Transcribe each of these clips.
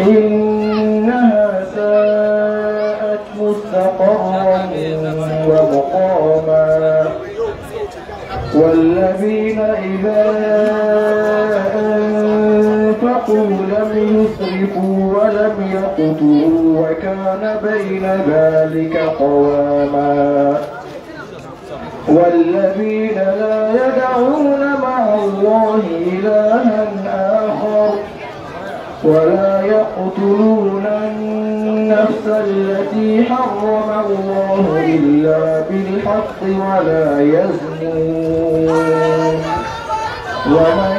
إنها ساءت مستقرا ومقاما والذين إذا أنفقوا لم يسرفوا ولم يقتلوا وكان بين ذلك قواما والذين لا يدعون مع الله إلها آخر ولا يقتلون النفس التي حرم الله إلا بالحق ولا يزنون ومن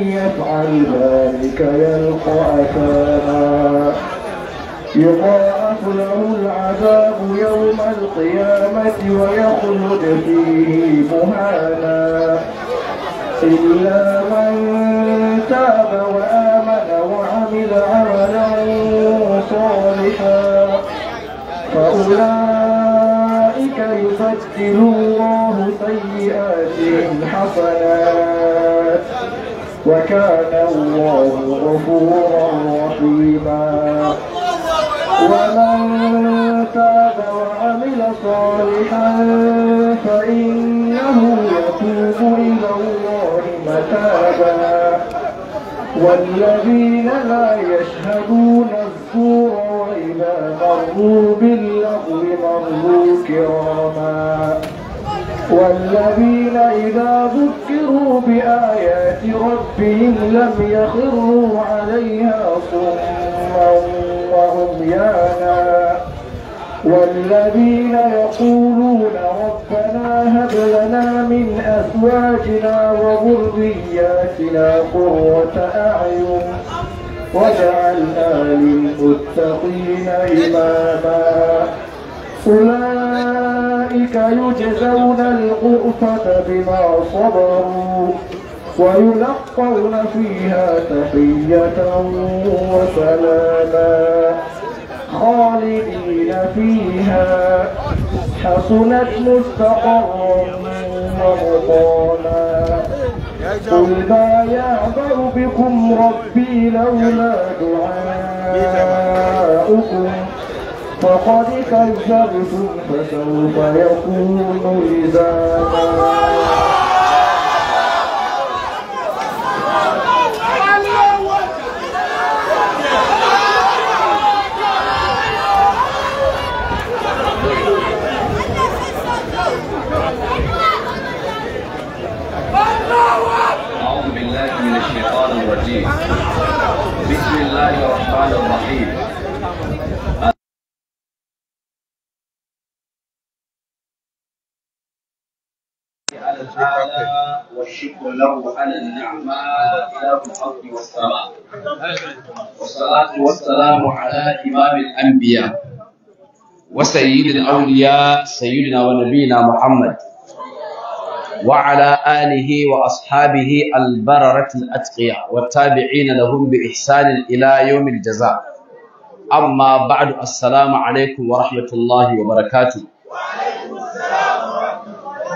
يفعل ذلك يلقى أثاما يقال له العذاب يوم القيامة ويخلد فيه مهانا إلا من تاب وآمن وعمل عملا صالحا فأولئك يبدل الله سيئاتهم حسنات وكان الله غفورا رحيما ومن تاب وعمل صالحا فإنه يتوب إلى الله متابا والذين لا يشهدون الزور وإذا مروا باللغو مروا كراما والذين إذا ذكروا بآيات ربهم لم يخروا عليها صما وعميانا والذين يقولون ربنا هب لنا من أزواجنا وذرياتنا قرة أعين واجعلنا للمتقين إماما أولئك يجزون الغرفة بما صبروا ويلقون فيها تحية وسلاما خالدين فيها حسنت مستقرا ومقاما قل ما يعبأ بكم ربي لولا دعاؤكم فقد كذبتم فسوف يكون لزاما الله الرحمن الرحيم على والشكر له على النعماء إله الأرض والسماء والصلاة والسلام على إمام الأنبياء وسيد الأولياء سيدنا ونبينا محمد وعلى آله وأصحابه البررة الأتقياء والتابعين لهم بإحسان إلى يوم الجزاء أما بعد السلام عليكم ورحمة الله وبركاته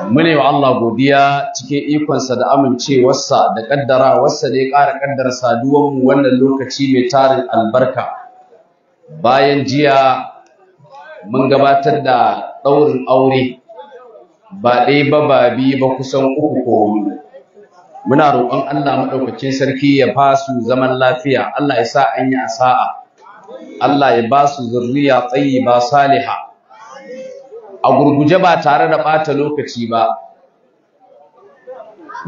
mune wa Allah godiya cikin ikonsa da amincewarsa da kaddara wasa da ya ƙara kaddara saduwar mu wannan lokaci mai tarin albarka bayan jiya mun gabatar da ɗaurin aure ba ɗaya ba ba biyu ba kusan uku ko hudu muna roƙon Allah maɗaukacin sarki ya ba su zaman lafiya Allah ya sa an yi asa'a Allah ya ba su zurriya tsayi ba saliha a gurguje ba tare da ɓata lokaci ba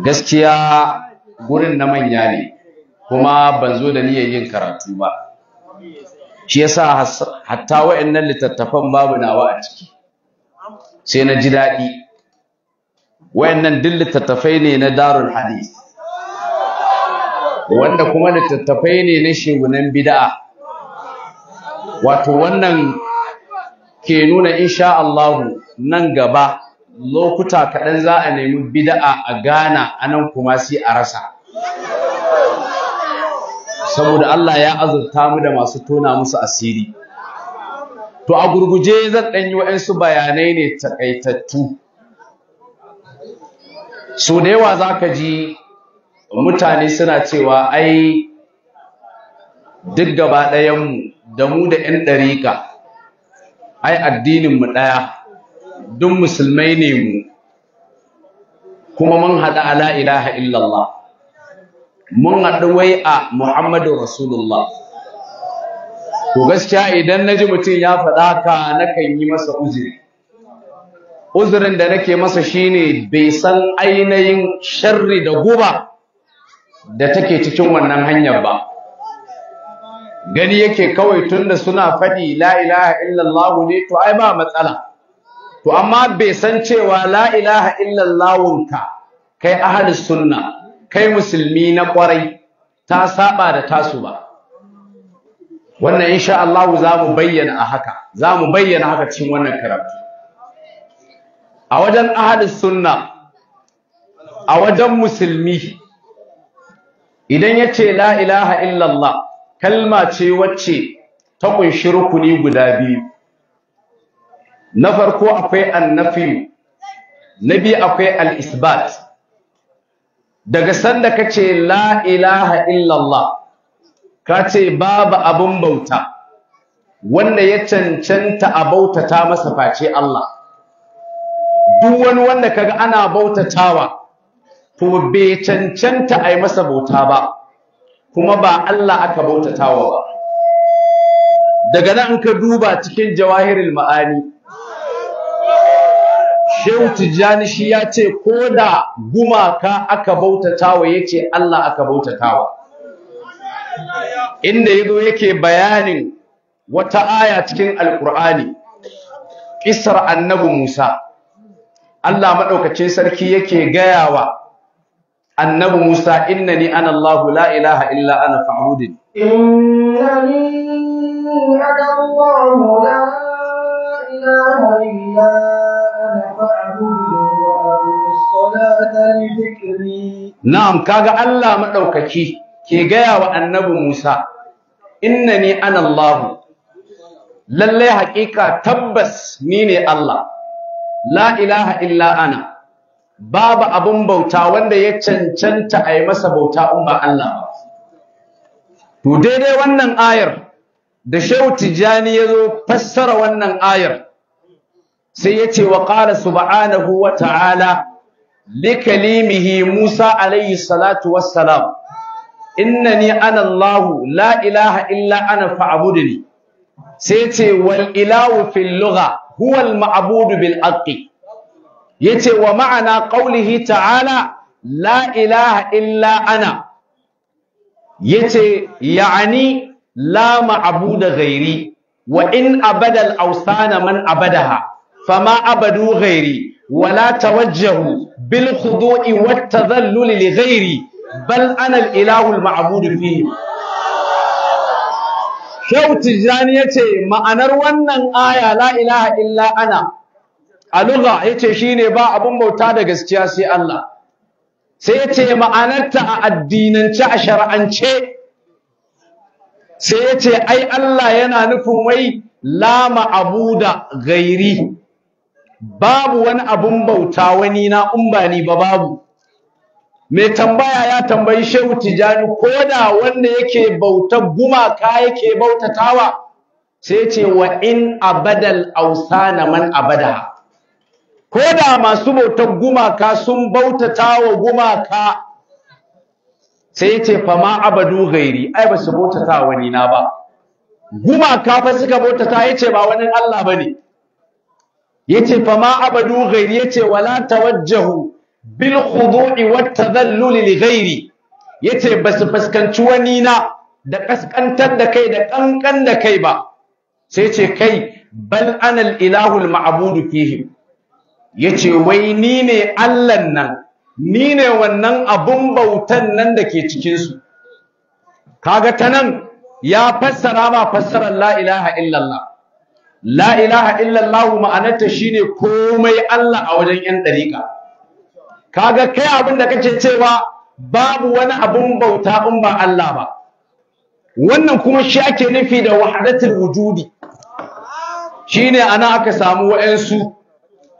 gaskiya gurin na manya ne kuma ban zo da niyyar yin karatu ba shi yasa hatta wa'annan littattafan babu nawa a ciki sai na ji daɗi wayannan duk littattafai ne na darul hadis wanda kuma littattafai ne na shegunan bid'a wato wannan ke nuna insha Allah nan gaba lokuta kaɗan za a nemi bid'a a gana anan kuma sai a rasa saboda Allah ya azurta mu da masu tona musu asiri to a gurguje zan ɗan yi waɗansu bayanai ne taƙaitattu so da yawa za ka ji mutane suna cewa ai duk gaba ɗayanmu da mu da 'yan ɗariƙa ai addininmu ɗaya duk musulmai ne mu kuma mun haɗa ala ilaha illallah mun haɗu wai a muhammadu rasulullah to gaskiya idan na ji mutum ya faɗa ka nakan yi masa uzuri uzurin da nake masa shine bai san ainihin sharri da guba da take cikin wannan hanyar ba gani yake kawai tunda suna faɗi la ilaha illallah ne to ai ba matsala to amma bai san cewa la ilaha illallah ka kai ahlus sunna kai musulmi na kwarai ta saba da tasu ba wannan insha Allah za mu bayyana a haka za mu bayyana haka cikin wannan karatu a wajen ahadis sunna a wajen musulmi idan ya ce Lailaha illallah kalma ce wacce ta ƙunshi rukuni guda biyu na farko akwai annafi na biyu akwai alisbat daga sanda ka ce Lailaha illallah ka ce babu abin bauta wanda ya cancanta a bautata masa face Allah duk wani wanda kaga ana bautatawa to bai cancanta ai masa bauta ba kuma ba Allah aka bautatawa ba daga nan ka duba cikin jawahirul ma'ani Shehu Tijjani shi ya ce ko da gumaka aka bautatawa yace Allah aka bautatawa inda yazo yake bayanin wata aya cikin alqur'ani kisar annabi Musa Allah maɗaukacin sarki yake gaya wa annabi Musa inna ni ana Allah la ilaha illa ana fa'udin. Inna ni ana Allah la ilaha illa ana fa'budin na'am kaga Allah madaukaki ke gaya wa annabi Musa inna ni ana Allah Lallai haƙiƙa tabbas ni ne Allah la ilaha illa ana babu abun bauta wanda ya cancanta a yi masa bauta in ba Allah ba to wannan ayar da Shehu Tijjani ya zo fassara wannan ayar sai ya ce wa qala subhanahu wa ta'ala likalimihi Musa alayhi salatu wassalam innani ana Allahu la ilaha illa ana fa'budni sai ce wal ilahu lugha huwal ma'budu bil haqqi yace wa ma'ana qaulihi ta'ala la ilaha illa ana yace ya'ani la ma'buda ghairi wa in abada al-awsana man abadaha fama abadu ghairi ولا توجهوا بالخضوع والتذلل لغيري بل أنا الإله المعبود فيهم Shehu Tijjani ya ce ma'anar wannan aya la ilaha illa ana a lura ya ce shi ne ba abin bauta da gaskiya sai Allah. Sai ya ce ma'anarta a addinance a shar'ance sai ya ce ai Allah yana nufin wai la da gairi babu wani abun bauta wani na in ba ni ba babu. mai tambaya ya tambayi shehu tijani ko da wanda yake bauta gumaka yake bautatawa sai ce wa in abadal ausana man abada ko da masu bautar gumaka sun bautatawa gumaka sai ce fama abadu gairi ai ba su bautata wani na ba gumaka fa suka bautata yace ba wani Allah bane yace fama abadu gairi yace wala tawajjahu bil khudu'i wat tadhallul li ghairi yace basu fuskanci wani na da kaskantar da kai da kankan da kai ba sai ce kai bal ana al ilahu al ma'budu fihim yace wai ni ne Allah nan ni ne wannan abun bautan nan da ke cikin su kaga ta nan ya fassara ma fassarar la ilaha illallah la ilaha illallah ma'anarta shine komai Allah a wajen yan dariƙa kaga kai abin da kake cewa babu wani abun bauta in ba Allah ba wannan kuma shi ake nufi da wahdatul wujudi shine ana aka samu wayansu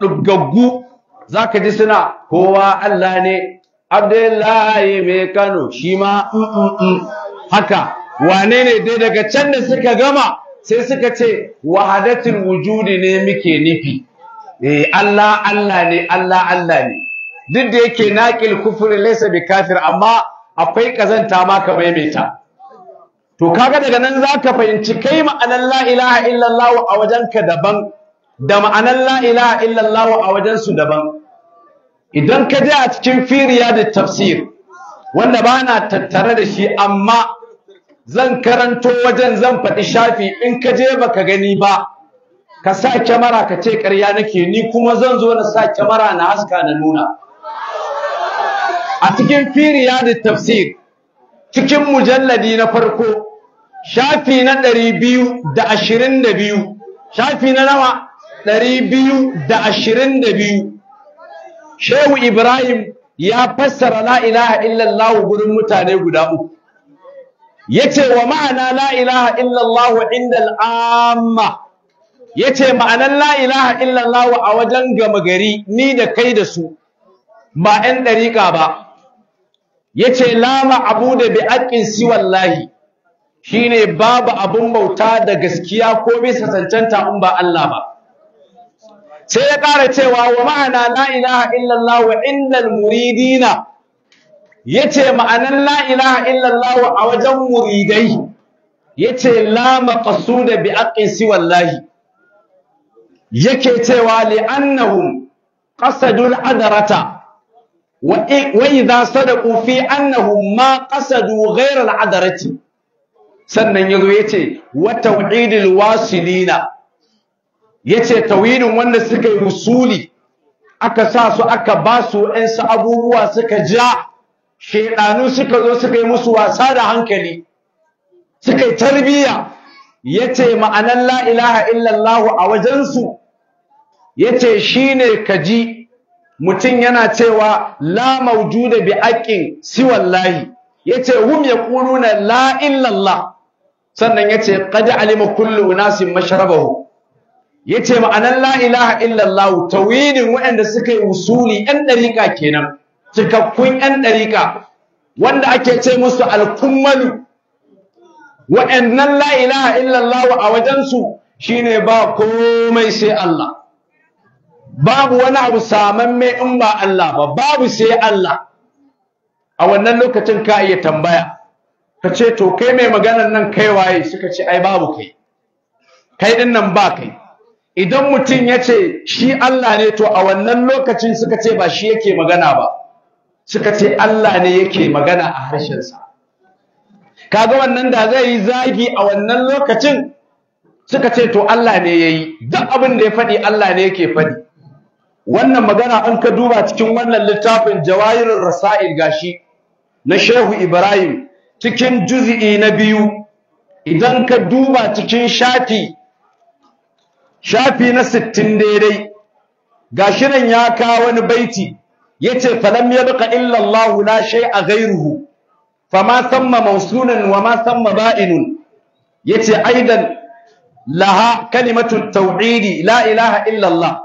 duggaggu zaka ji suna kowa Allah ne Abdullahi mai Kano shi ma mm, mm, mm. haka wane ne dai daga can da suka gama sai suka ce wahadatul wujudi ne muke nufi eh Allah Allah ne Allah Allah ne duk da yake naqil kufri laysa bi kafir amma akwai kazanta ma ka maimaita to kaga daga nan za ka fahimci kai ma'anar la ilaha illallah a wajenka daban da ma'anar la ilaha illallah a wajen su daban idan ka je a cikin firiya da tafsir wanda ba na tattare da shi amma zan karanto wajen zan faɗi shafi in ka je baka gani ba ka sa kyamara ka ce ƙarya nake ni kuma zan zo na sa kyamara na haska na nuna a cikin firiya da tafsir cikin mujalladi na farko shafi na ɗari biyu da ashirin da biyu shafi na nawa ɗari biyu da ashirin da biyu shehu ibrahim ya fassara la ilaha illallah gurin mutane guda uku yace wa ma'ana la ilaha illallah inda al'amma yace ma'anan la ilaha illallah a wajen gama gari ni da kai da su ba 'yan ɗariƙa ba yace la ma'budu bi si siwallahi shine babu abun bauta da gaskiya ko bisa cancanta in ba Allah ba sai ya ƙara cewa wa ma'ana la ilaha illallah wa innal muridina yace ma'anan la ilaha illallah a wajen muridai yace la maqsuda bi si siwallahi yake cewa li'annahum qasadul adrata wa idza sadaqu fi annahu ma qasadu ghayra al'adarati sannan yazo yace wa tawhidil wasilina yace tawhidin wanda suka yi rusuli aka sa su aka ba su ɗansu abubuwa suka ja shedanu suka zo suka yi musu wasa da hankali suka yi tarbiyya yace ma'anan la'ilaha ilaha illallah a wajensu yace shine kaji mutum yana cewa la maujuda bi aqin siwallahi yace hum yaquluna la illallah sannan yace qad alima kullu unasin mashrabahu yace ma'anan la ilaha illallahu tawilin waɗanda suka yi usuli ɗan kenan cikakkun ƴan ɗariƙa, wanda ake ce musu alkummalu waɗannan la ilaha illallahu a wajensu shine ba komai sai Allah babu wani abu samamme in ba Allah ba babu sai Allah a wannan lokacin ka iya tambaya ka ce to kai mai maganar nan kai waye suka ce ai babu kai kai din nan ba kai idan mutum ya ce shi Allah ne to a wannan lokacin suka ce ba shi yake magana ba suka ce Allah ne yake magana a harshensa kaga wannan da zai yi zagi a wannan lokacin suka ce to Allah ne yayi duk abin da ya faɗi Allah ne yake faɗi wannan magana an ka duba cikin wannan littafin jawahirul rasail gashi na shehu ibrahim cikin juz'i na biyu idan ka duba cikin shafi shafi na 60 daidai gashi nan ya kawo wani baiti yace falam yabqa illa allah la shay'a ghayruhu fama samma mawsunan wama samma ba'inun yace aidan laha kalimatu tauhidi la ilaha illa allah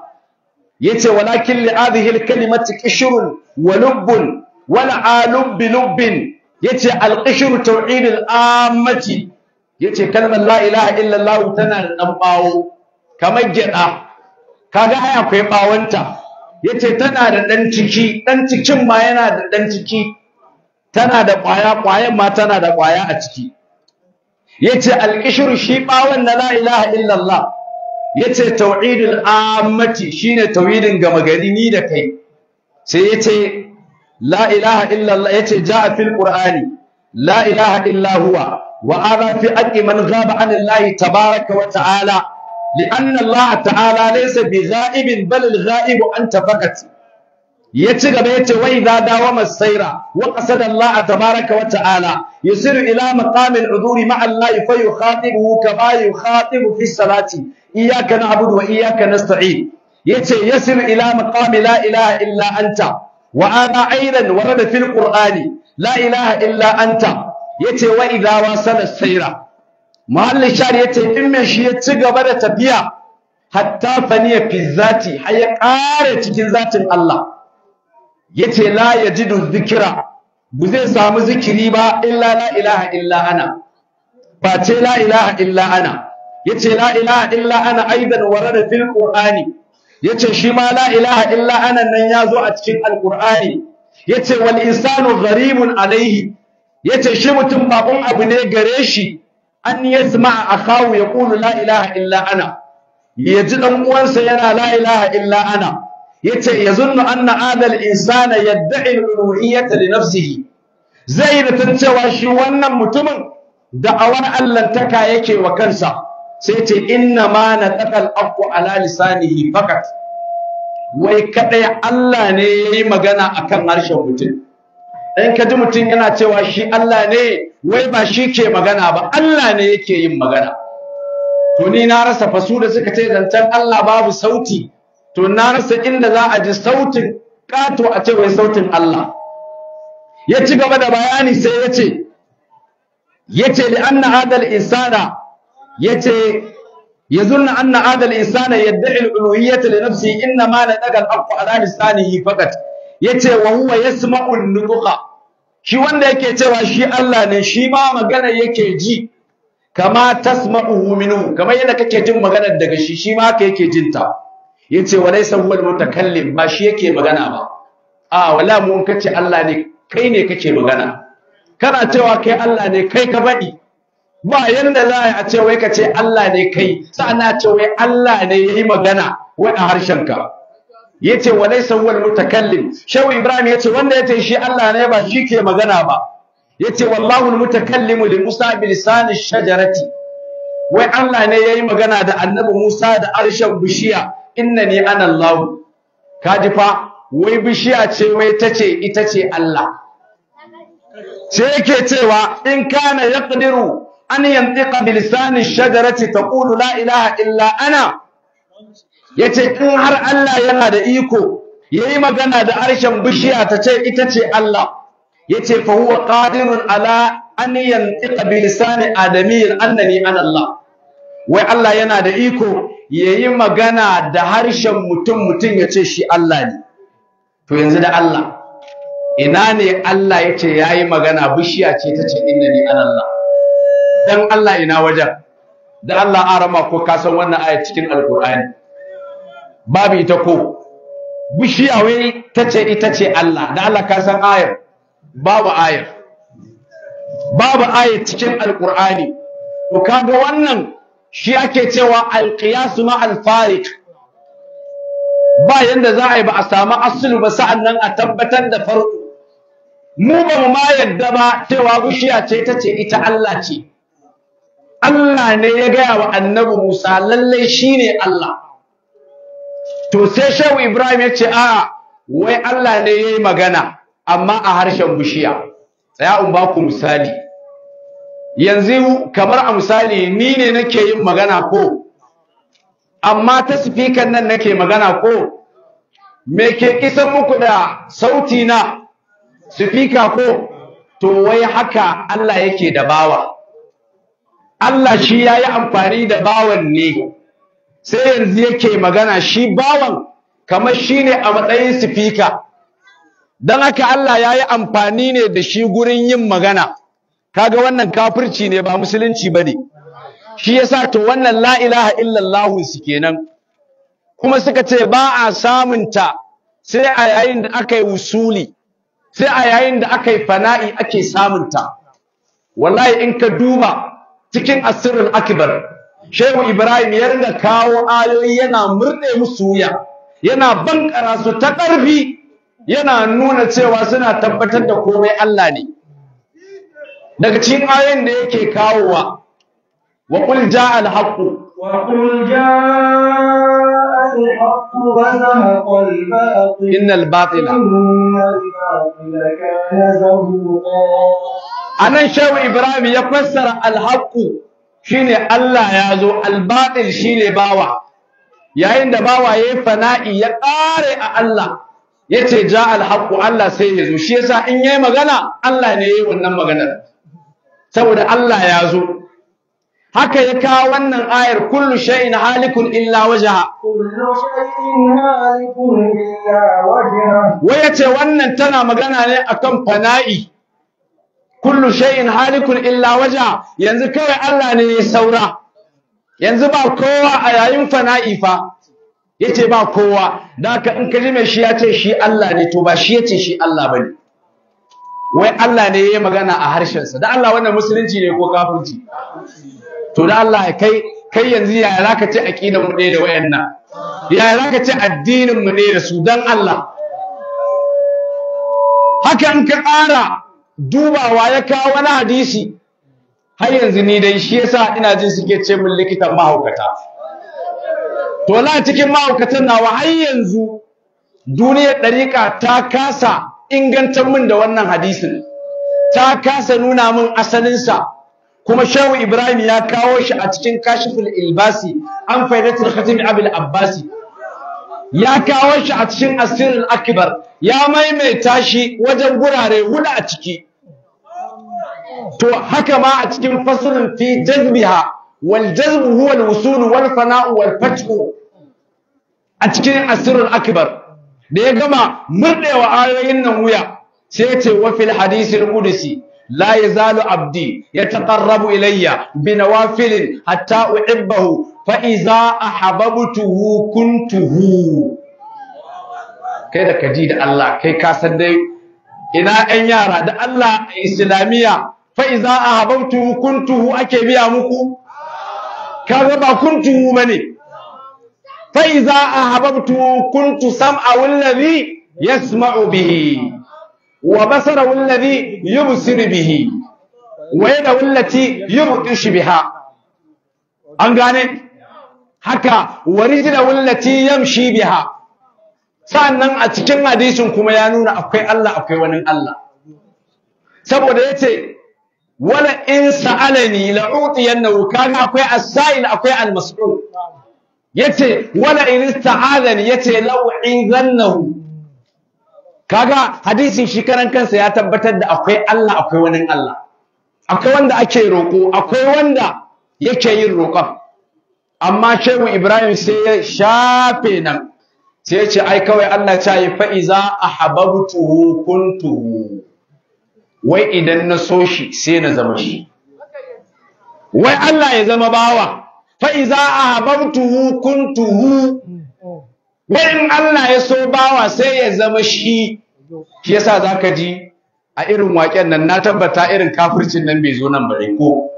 yace walakin li hadhihi alkalimati qishrun wa lubbun wala alubbi lubbin yace alqishru tauhid alammati yace kalmar la ilaha illa allah tana da bawo kamar geda kaga ai kai bawanta yace tana da dan ciki dan cikin ma yana da dan ciki tana da kwaya kwayan ma tana da kwaya a ciki yace alqishru shi bawon na la ilaha illa allah Yace ce tawidin amati shi tawidin gama gari ni da kai sai ya ce la’ilaha illallah ya ce fil ƙur'ani la’ilaha illahuwa wa ara fi aƙi man zaba an lahi tabaraka wa ta’ala li’annan la’a ta’ala nesa bi za’ibin balil za’ibu an tafakat ya ci gaba yace wai za dawo masaira wa ƙasadan la’a tabaraka wa ta’ala yusiru ila maƙamin uduri ma’an la’i fayu haɗi buhu ka bayu haɗi bu fi iyyaka na'budu wa iyyaka nasta'in yace yasir ila maqami la ilaha illa anta wa ana aidan warada fil qur'ani la ilaha illa anta yace wa idha saira. Muhallin mahallin shar yace in me shi ya ci gaba da tafiya hatta faniya fi zati har ya ƙara cikin zatin Allah yace la yajidu dhikra bu zai samu zikiri ba illa la ilaha illa ana ba ce la ilaha illa ana yace la ilaha illa ana aidan warada fil qur'ani yace shi ma la ilaha illa ana nan yazo a cikin alqur'ani yace wal insanu gharibun alaihi yace shi mutum babun abu ne gare shi an yasma akahu yaqulu la ilaha illa ana yaji dan uwansa yana la ilaha illa ana yace yazunnu anna adal insana yad'i al-uluhiyyata li nafsihi zai da cewa shi wannan mutumin Da da'awar allantaka yake wa kansa sai ce inna ma na takal abu ala lisanihi fakat wai kaɗai Allah ne ya yi magana akan harshen mutum in ka mutum yana cewa shi Allah ne wai ba shi ke magana ba Allah ne yake yin magana to ni na rasa fasu da suka ce zancen Allah babu sauti to na rasa inda za a ji sautin kato a ce wai sautin Allah ya ci gaba da bayani sai ya ce ya ce li'anna hadal insana yace yazunna anna adal insana yad'i al uluhiyyah li nafsihi inna ma la al aqu ala lisanihi faqat yace wa huwa yasma'u an-nutqa shi wanda yake cewa shi Allah ne shi ma magana yake ji kama tasma'uhu minhu kamar yadda kake jin magana daga shi shi ma haka yake jin ta yace wa laysa huwa al-mutakallim ba shi yake magana ba a wala mu kace Allah ne kai ne kake magana kana cewa kai Allah ne kai ka faɗi ba za a ce wai ka ce Allah ne kai sa'ana ce wai Allah ne yi magana wai a harshenka yace wa laysa huwa mutakallim shehu ibrahim ce wanda yace shi Allah ne ba shi ke magana ba yace wallahu al-mutakallimu li musa bi lisani shajarati wai Allah ne yayi magana da annabi musa da harshen bishiya innani ana Allah kaji fa wai bishiya ce wai tace ita ce Allah ce yake cewa in kana yaqdiru an yantiqa bi lisani shajarati taqulu la ilaha illa ana yace in har Allah yana da iko yayi magana da harshen bishiya ta ce ita ce Allah yace fa huwa qadirun ala an yantiqa bi lisani adamiyyin annani ana Allah wai Allah yana da iko yayi magana da harshen mutum mutum yace shi Allah ne to yanzu da Allah ina ne Allah yace yayi magana bishiya ce ta ce innani ana Allah dan Allah ina wajen da Allah arama ko ka san wannan aya cikin alkur'ani babu ita ko bishiya wai tace ita ce Allah da Allah ka san ayar babu ayar babu ayar cikin alkur'ani to kaga wannan shi ake cewa alqiyas ma alfariq ba yanda za a yi ba a samu asulu ba sa'annan a tabbatar da farko mu ba mu ma yadda ba cewa bishiya ce tace ita Allah ce Allah ne ya gaya wa annabi Musa lallai shi ne Allah. To sai Shehu Ibrahim ya ce, a wai Allah ne ya yi magana, amma a harshen bishiya. Tsaya in ba ku misali. Yanzu kamar a misali ni ne nake yin magana ko, amma ta sifikan nan nake magana ko, me ke kisan muku da sauti na sifika ko, to wai haka Allah yake da bawa. Allah shi ya yi amfani da bawan ne sai yanzu yake magana shi bawan kamar shi ne a matsayin sifika don haka Allah ya yi amfani ne da shi gurin yin magana kaga wannan kafirci ne ba musulunci ba ne shi ya sa to wannan la'ilaha ilaha su kenan kuma suka ce ba a samunta sai a yayin da aka yi usuli sai a yayin da aka yi fana'i ake samunta wallahi in ka duba cikin asirin Akibar, shehu ibrahim ya ringa kawo ayoyi yana murɗe musu wuya yana bankara su ta ƙarfi yana nuna cewa suna tabbatar da komai Allah ne daga cikin ayoyin da yake kawowa wa qul jaa al wa الحق وزهق الباطل anan shehu ibrahim ya fassara alhaqu shine Allah ya zo albatil shine bawa yayin da bawa yayi fana'i ya ƙare a Allah yace ja alhaƙu Allah sai ya zo shi yasa in yayi magana Allah ne yayi wannan maganar saboda Allah ya zo haka ya kawo wannan ayar kullu shay'in halikun illa wajha kullu shay'in wannan tana magana ne akan fana'i kullu shay'in halikun illa wajha yanzu kawai Allah ne saura yanzu ba kowa a yayin fana'i fa yace ba kowa dan haka in kaji mai shi yace shi Allah ne to ba shi yace shi Allah bane wai Allah ne ya magana a harshen sa? dan Allah wannan musulunci ne ko kafirci to da Allah ya kai kai yanzu ya zaka ci aqidar mu ne da wayannan ya zaka ci addinin mu ne da su dan Allah haka in ka ƙara dubawa ya kawo wani hadisi har yanzu ni dai shi yasa ina jin suke ce min likitan mahaukata to la cikin mahaukatan nawa har yanzu duniyar ɗariƙa ta kasa ingantar min da wannan hadisin ta kasa nuna min asalinsa kuma shawu ibrahim ya kawo shi a cikin kashiful ilbasi an faidatul khatim abul abbasi ya kawo shi a cikin asirin akbar ya maimaita shi wajen gurare hudu a ciki to haka ma a cikin fasalin fi jazbiha wal jazbu huwa al wusul wal fana'u wal a cikin asirin akbar da ya gama murdewa ayoyin nan wuya sai ya ce wa fil hadisi al qudsi la yazalu abdi yataqarrabu ilayya binawafilin hatta uhibbahu fa iza ahabbtuhu kuntuhu kai da kaji da Allah kai ka san dai ina ɗan yara da Allah islamiyya fa iza ahabbtuhu kuntuhu ake biya muku kaga ba bane fa iza ahabbtuhu kuntu wa basarahu alladhi yubsiru bihi wa yadahu allati shi biha an gane haka wa rijluhu allati shi biha sa'annan a cikin hadisun kuma ya nuna akwai Allah akwai wani Allah saboda ya ce wala in sa'alani la'utiyannahu kaga akwai as-sa'il akwai almasu’u ya ce wala in ce yace zannahu. kaga hadisin shi karan kansa ya tabbatar da akwai Allah akwai wani Allah akwai wanda ake roƙo akwai wanda yake yin roƙon amma shehu Ibrahim sai ya shafe nan sai ya ce ai kawai Allah ta yi fa'iza ahabbtu kuntu wai idan na so shi sai na zama shi wai Allah ya zama bawa fa'iza ahabbtu kuntu in Allah ya so bawa sai ya zama shi shi yasa ka ji a irin waken nan na tabbata irin kafircin nan bai zo nan ba ko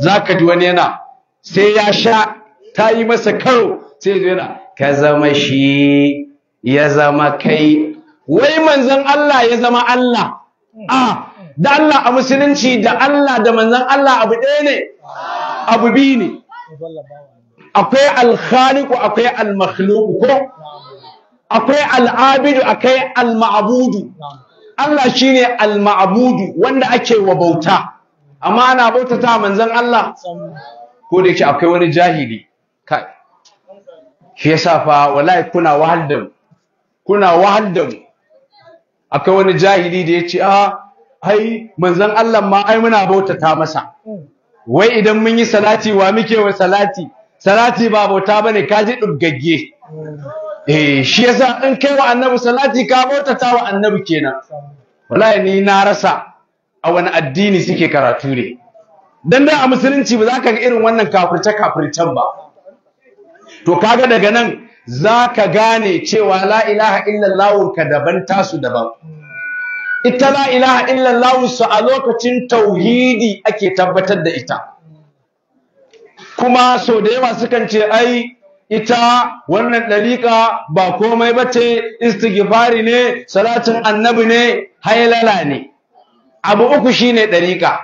za ka ji wani yana sai ya sha ta yi masa karo sai ya yana ka zama shi ya zama kai wai manzon Allah ya zama Allah a da Allah a musulunci da Allah da manzon Allah abu ɗaya ne abu biyu ne akwai alkhaliku akwai almakhluku ko akwai al'abidu akwai al-ma'budu Allah shine al-ma'budu wanda ake wa bauta amma ana bautata manzon Allah ko da yake akwai wani jahili kai shi yasa fa wallahi kuna wahal da kuna wahal da akwai wani jahili da yace a ah, ai manzon Allah ma ai muna bautata masa wai idan mun yi salati wa muke wa salati salati ba bauta bane kaji duggagge eh shi yasa in kai wa annabi salati ka bautata wa annabi kenan wallahi ni na rasa a wani addini suke karatu ne dan dan a musulunci ba za ka ga irin wannan kafirce kafircen ba to kaga daga nan za ka gane cewa la ilaha illallah ka daban tasu daban ita la ilaha illallah su a lokacin tauhidi ake tabbatar da ita kuma so da yawa sukan ce ai ita wannan ɗariƙa ba komai ba ce istighfari ne salatin annabi ne hailala ne abu uku shine ɗariƙa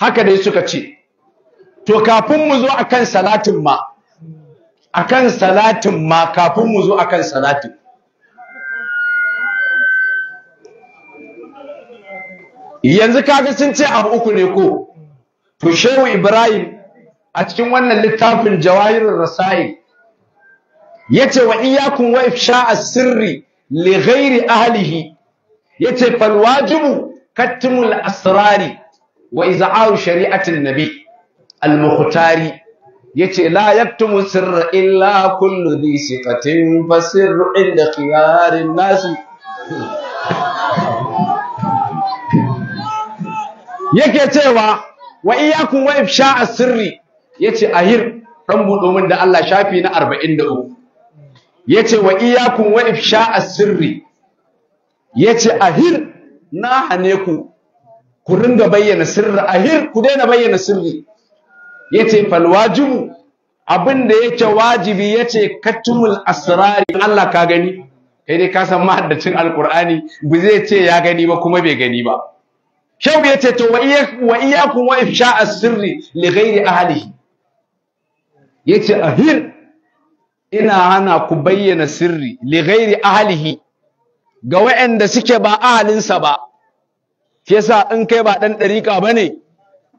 haka dai suka ce to kafin mu zo akan salatin ma akan salatin ma kafin mu zo akan salatin yanzu kaga sun ce abu uku ne ko to shehu ibrahim a cikin wannan littafin jawahirur rasail yace wa iyyakum wa ifsha sirri li ghairi ahlihi yace fal wajibu katmul asrari wa iz'a'u shari'atin nabi al-mukhtari yace la yaktumu sirra illa kullu dhi siqatin fa inda khiyarin nas yake cewa wa iyyakum wa ifsha sirri Yace ahir dan budo min da Allah shafi na arba'in da uku Yace wa iyakun wa ifsha sirri Yace ahir na hane ku ku ringa bayyana sirri ahir ku daina bayyana sirri Yace fal falwajibu abin da yake wajibi yace ce katumul asrari Allah ka gani kai dai ka san mahaddacin alkur'ani bu zai ce ya gani ba kuma bai gani ba Kyau yace ce to wa iyakum wa ifsha asirri li ghairi ahlihi yace ahir ina hana ku bayyana sirri li ghairi ahlihi ga waɗanda suke ba ahalinsa ba yasa in kai ba dan dariƙa bane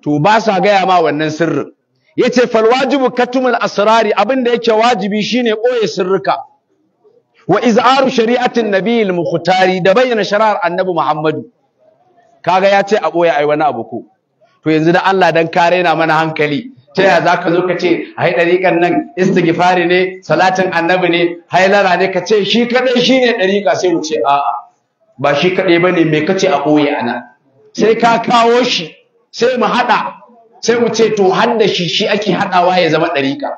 to ba sa gaya ma wannan sirrin yace fal wajibu katumul asrari abinda yake wajibi shine koye sirrika wa iz'aru shari'atin nabiyil mukhtari da bayyana shari'ar annabi Muhammadu kaga yace a boye ai wani abu ko to yanzu da Allah dan kare na mana hankali ta yaya za ka zo ka ce ai ɗariƙan nan istighfari ne salatin annabi ne hailara ne ka ce shi kaɗai shi ne ɗariƙa sai mu ce a'a ba shi kaɗai ba ne mai kace a ɓoye ana sai ka kawo shi sai mu haɗa sai mu ce to har da shi shi ake haɗawa ya zama ɗariƙa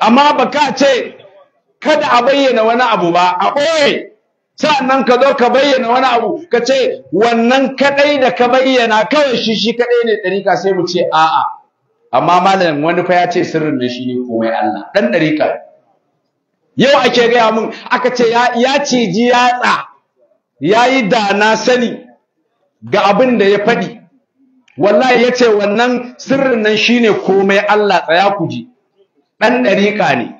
amma ba ka ce kada a bayyana wani abu ba a ɓoye sa'annan ka zo ka bayyana wani abu ka ce wannan kaɗai da ka bayyana kawai shi shi kaɗai ne ɗariƙa sai mu ce a'a amma malam wani fa ya ce sirrin da shi ne komai Allah dan dariƙa yau ake gaya mun. aka ce ya ce ji yatsa ya yi da na sani ga abin da ya faɗi wallahi ya ce wannan sirrin nan shine komai Allah tsaya ku ji ɗan ɗariƙa ne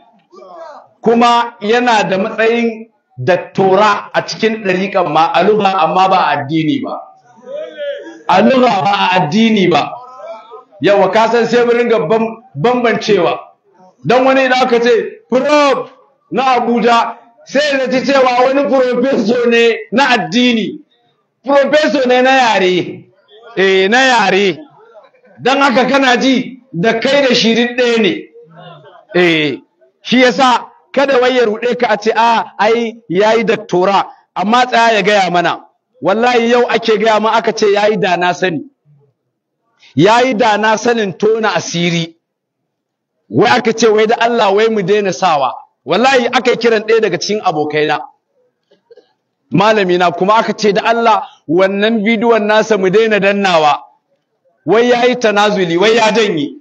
kuma yana da matsayin dattora a cikin ɗariƙan ma amma ba a addini ba ba a addini ba yawa kasan sai mu ringa bambancewa dan wani idan aka ce prof na Abuja sai ta ci cewa wani professor ne na addini professor ne na yare eh na yare dan haka kana ji da kai da shirin ɗaya ne eh shi yasa kada wai ya ruɗe ka a ce a ai yayi doctora amma tsaya ya gaya mana wallahi yau ake gaya ma aka ce yayi da na sani ya yi da na sanin tona asiri wai aka ce wai da Allah wai mu daina sawa wallahi aka kiran ɗaya daga cikin abokaina malami na kuma aka ce da Allah wannan bidiyon nasa mu daina dannawa wai ya yi tanazuli wai ya danyi?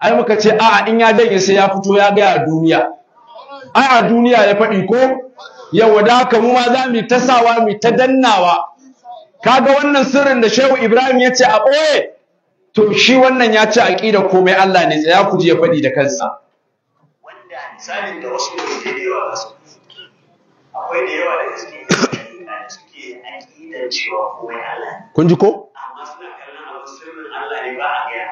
ai muka ce a'a in ya danyi sai ya fito ya gaya a duniya ai a duniya ya faɗi ko yawa da haka mu ma za mu ta sawa mu ta dannawa kaga wannan sirrin da Shehu Ibrahim ya ce a ɓoye to shi wannan ya ci aqida komai Allah ne tsaya ku je faɗi da kansa wanda misalin da wasu ke da yawa su akwai da yawa da suke suke aqida cewa komai Allah kun ji ko amma suna kallon abu sirrin Allah ne ba a ga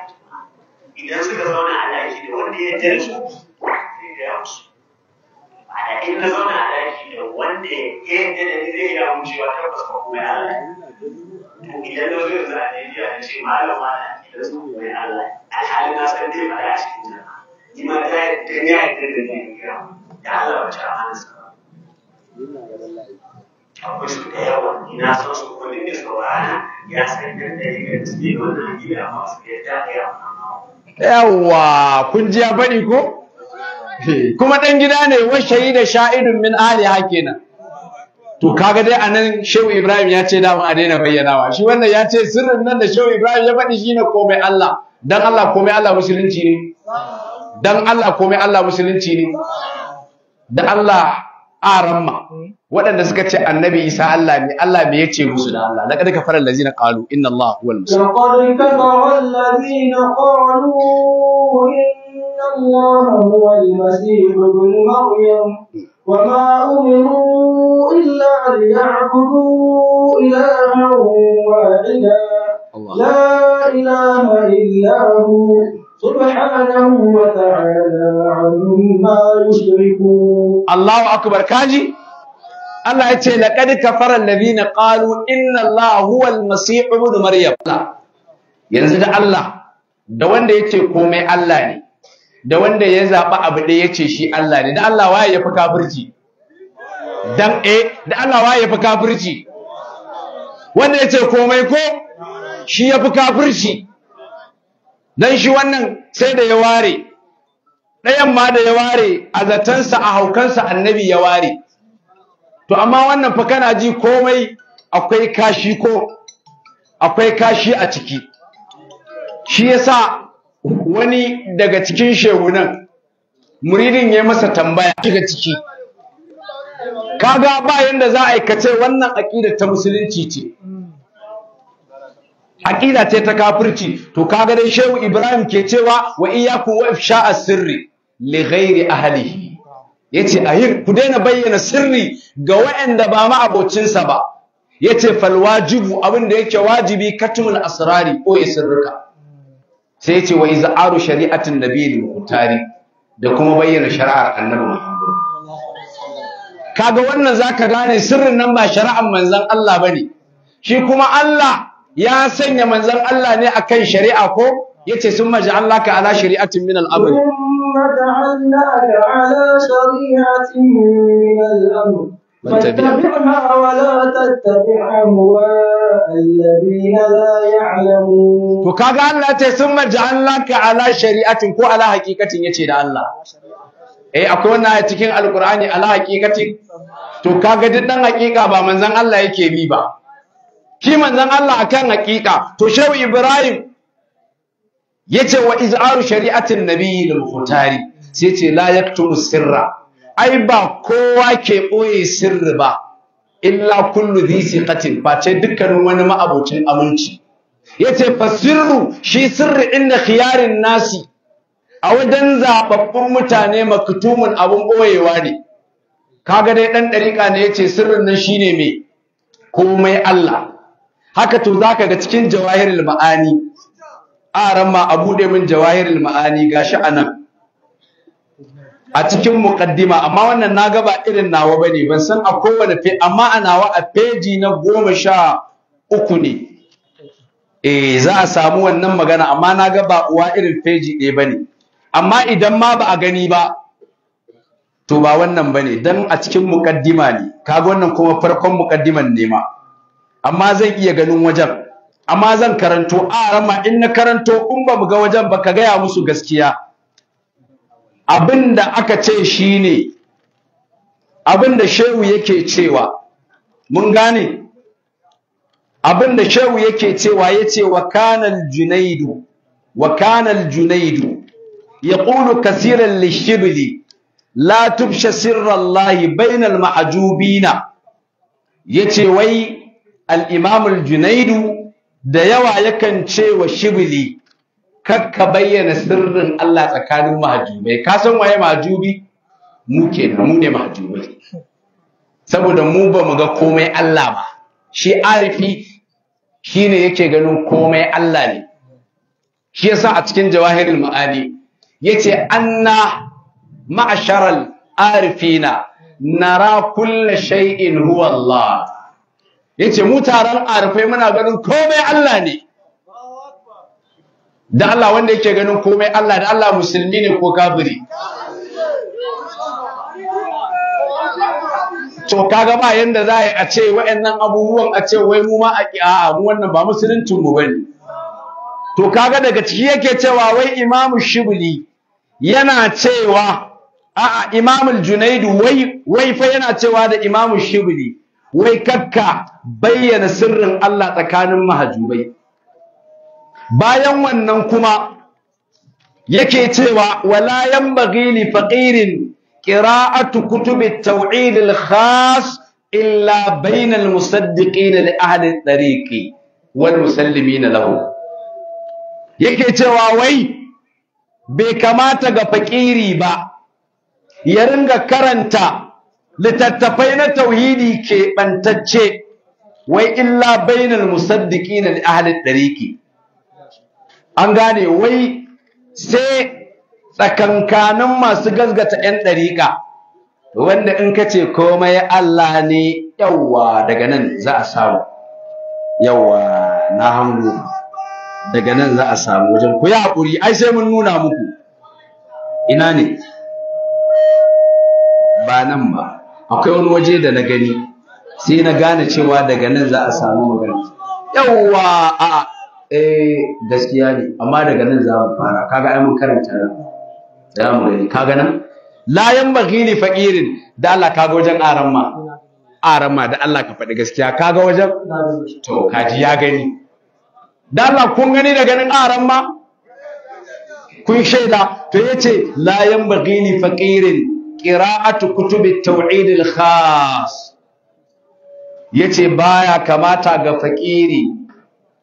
idan suka zauna a daki da wanda ya tare su sai da yawa su ana in ka zauna a daki da wanda ya tare da zai ya wucewa tabbas komai Allah idan na zo yanzu a Najeriya na ce malam wani da su mai Allah a halin na san dai ba ya cikin jama'a ni ma ta yadda ni yadda da ni gida da Allah wace amana sa akwai su da yawa ni na san su wani ne saurara ya san da dari ga cikin wannan gida masu yadda da yawa yawa kun ji ya bari ko eh, kuma ɗan gida ne wa shahida sha'idun min aliha nan? to kaga dai anan Shehu Ibrahim ya ce dama a daina bayyanawa shi wannan ya ce sirrin nan da Shehu Ibrahim ya faɗi shine komai Allah dan Allah komai Allah musulunci ne dan Allah komai Allah musulunci ne da Allah aramma waɗanda suka ce annabi isa Allah ne Allah me yace musu da Allah laqad kafara allazina qalu inna allaha huwal masih laqad kafara allazina qalu inna allaha huwal masih ibn maryam وما أمروا إلا ليعبدوا إلها واحدا لا إله إلا هو سبحانه وتعالى عما يشركون الله أكبر كاجي Allah ya ce laqad kafara alladhina qalu inna Allah huwa al-masih ibn maryam yanzu da Allah da wanda yace komai Allah ne da wanda ya zaba abu da yace shi Allah ne da Allah waye yafi kafirci dan eh da Allah waye yafi kafirci wanda yace komai ko shi yafi kafirci dan shi wannan sai da ya ware ɗayan ma da ya ware a zatansa a haukansa annabi ya ware to amma wannan fa kana ji komai akwai kashi ko akwai kashi a ciki shi yasa wani daga cikin shegunan muridin ya masa tambaya daga ciki kaga ba yanda za a aikace wannan aqida ta musulunci ce aqida ce ta kafirci to kaga dai shehu ibrahim ke cewa wa iyyaku wa ifsha'a sirri li ghairi ahlihi yace ayir ku daina bayyana sirri ga waɗanda ba ma'abocinsa ba yace fal wajibu abin da yake wajibi katmul asrari ko sirrika sai yace wa iz'aru shari'atin nabiyil mutari da kuma bayyana shari'ar annabi kaga wannan zaka gane sirrin nan ba shari'ar manzon Allah bane shi kuma Allah ya sanya manzon Allah ne akan shari'a ko yace sun ka ala shari'atin min al-amr جعلناك على شريعة من الأمر فاتبعها ولا تتبع أهواء الذين لا يعلمون to kaga Allah ce summa ja'alnaka ala shari'atin ko ala hakikatin yace da Allah eh akwai wannan a cikin alqur'ani ala hakikatin to kaga duk dan hakika ba manzon Allah yake bi ba ki manzon Allah akan hakika to shehu Ibrahim yace wa iz'aru shari'atin nabiyyi lil sai ce la yaktumu sirra ai ba kowa ke boye sirri ba illa kullu dhi siqatin ce dukkanin wani ma'abocin aminci yace fasirru shi sirri inna khiyarin nasi a wajen zababbun mutane maktumun abun boyewa ne kaga dai dan dariƙa ne yace sirrin nan shine me komai Allah haka to zaka ga cikin jawahirul ma'ani aran ma a buɗe min jawahirul ma'ani gashi anan a cikin muqaddima amma wannan na gaba irin nawa bane ban san a kowane fe amma a nawa a peji na goma sha uku ne eh za a samu wannan magana amma na gaba uwa irin peji ɗaya bane amma idan ma ba a gani ba to ba wannan bane dan a cikin muqaddima ne kaga wannan kuma farkon muqaddiman ne ma amma zan iya ganin wajen amma zan karanto a rama in na karanto in ba mu ga wajen ba ka gaya musu gaskiya abinda aka ce shi ne abinda shehu yake cewa mun gane abinda shehu yake cewa ya ce wa kanal junaidu wa kanal junaidu ƙulu kaseeran lishibili la tubsha sirra lahi bainal ya ce wai al junaidu da yawa yakan ce wa shibili ka bayyana sirrin Allah tsakanin mahajubai ka san waye mahajubi mu kenan mu ne mahajubai saboda mu ba mu ga komai Allah ba shi arifi shine yake ganin komai Allah ne shi yasa a cikin jawahirul ma'ani yace anna ma'asharal arifina nara kullu shay'in huwa Allah yace mu taron arfai muna ganin komai Allah ne da Allah wanda yake ganin komai Allah da Allah musulmi ne ko kafiri to kaga ba yanda za a ce wa'annan abubuwan a ce wai mu ma a a'a mu wannan ba musuluncin mu bane to kaga daga ciki yake cewa wai Imamu Shibli yana cewa a'a imamul Junaidu wai wai fa yana cewa da Imamu Shibli wai kakka bayyana sirrin Allah tsakanin mahajubai bayan wannan kuma yake cewa wala yanbaghi li faqirin qira'atu kutubit tawhid al khas illa bayna al musaddiqin li ahli al tariqi wal musallimin lahu yake cewa wai bai kamata ga fakiri ba ya ringa karanta littattafai na tauhidi ke bantacce wai illa bainal musaddiqin na ahli ɗariki an gane wai sai tsakankanin masu gazgata yan dariqa wanda in kace komai Allah ne yawa daga nan za a samu yawa na hango daga nan za a samu wajen ku ya hakuri ai sai mun nuna muku ina ne ba nan ba akwai wani waje da na gani sai na gane cewa daga nan za a samu magana yawwa a eh gaskiya ne amma daga nan za mu fara kaga ai mun karanta za mu gani kaga nan la yanbaghi li faqirin da Allah kaga wajen aran ma aran ma da Allah ka faɗi gaskiya kaga wajen to kaji ya gani da Allah kun gani daga nan aran ma kun shaida to yace la yanbaghi li faqirin qira'atu kutubit tawhid khas yace baya kamata ga fakiri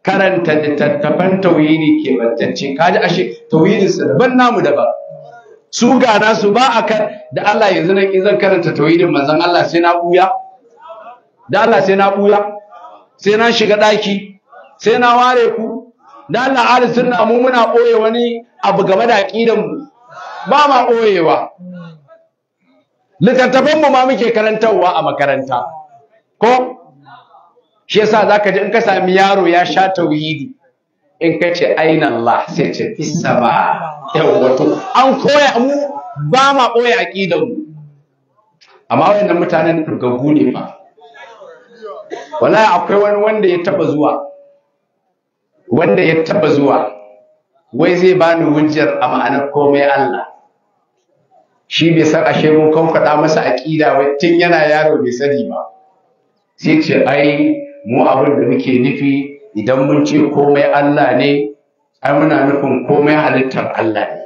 karanta littattafan tauhidi ke bantacce kaji ashe tauhidin su daban namu da ba. su ga su. ba a kan da Allah yanzu nan in zan karanta tauhidin manzon Allah sai na buya da Allah sai na buya sai na shiga daki sai na ware ku da Allah ahli sunna mu muna boye wani abu game da aqidan mu ba ma koyewa littattafan mu ma muke karantawa a makaranta ko shi yasa zaka ji in ka sami yaro ya sha tauhidi in ka ce aina Allah sai ce yawa to an koya mu ba ma koya aqidar mu amma wayannan mutanen gaggu ne ba. wallahi akwai wani wanda ya taba zuwa wanda ya taba zuwa wai zai bani hujjar a ma'anar komai Allah shi bai san ashe mun kan faɗa masa aqida wai tun yana yaro bai sani ba sai ce ai mu abin da muke nufi idan mun ce komai Allah ne ai muna nufin komai halittar Allah ne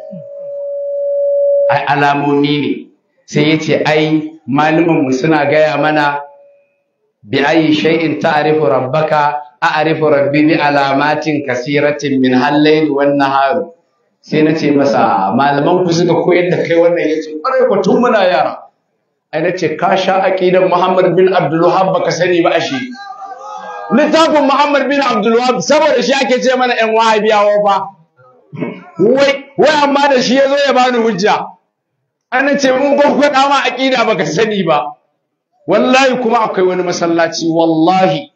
ai alamomi ne sai ya ce ai mu suna gaya mana bi ayi shay'in ta'rifu rabbaka a'rifu rabbi bi alamatin kasiratin min hallayl wan nahar sai na ce masa malaman ku suka koyar da kai wannan yace kwarai ku tun muna yara ai nace ka sha aqidan Muhammad bin Abdul Wahhab baka sani ba ashe littafin Muhammad bin Abdul Wahhab saboda shi ake ce mana ƴan wahabiyawa fa wai wai amma da shi yazo ya bani hujja ana ce mun ko faɗa ma aqida baka sani ba wallahi kuma akwai wani masallaci wallahi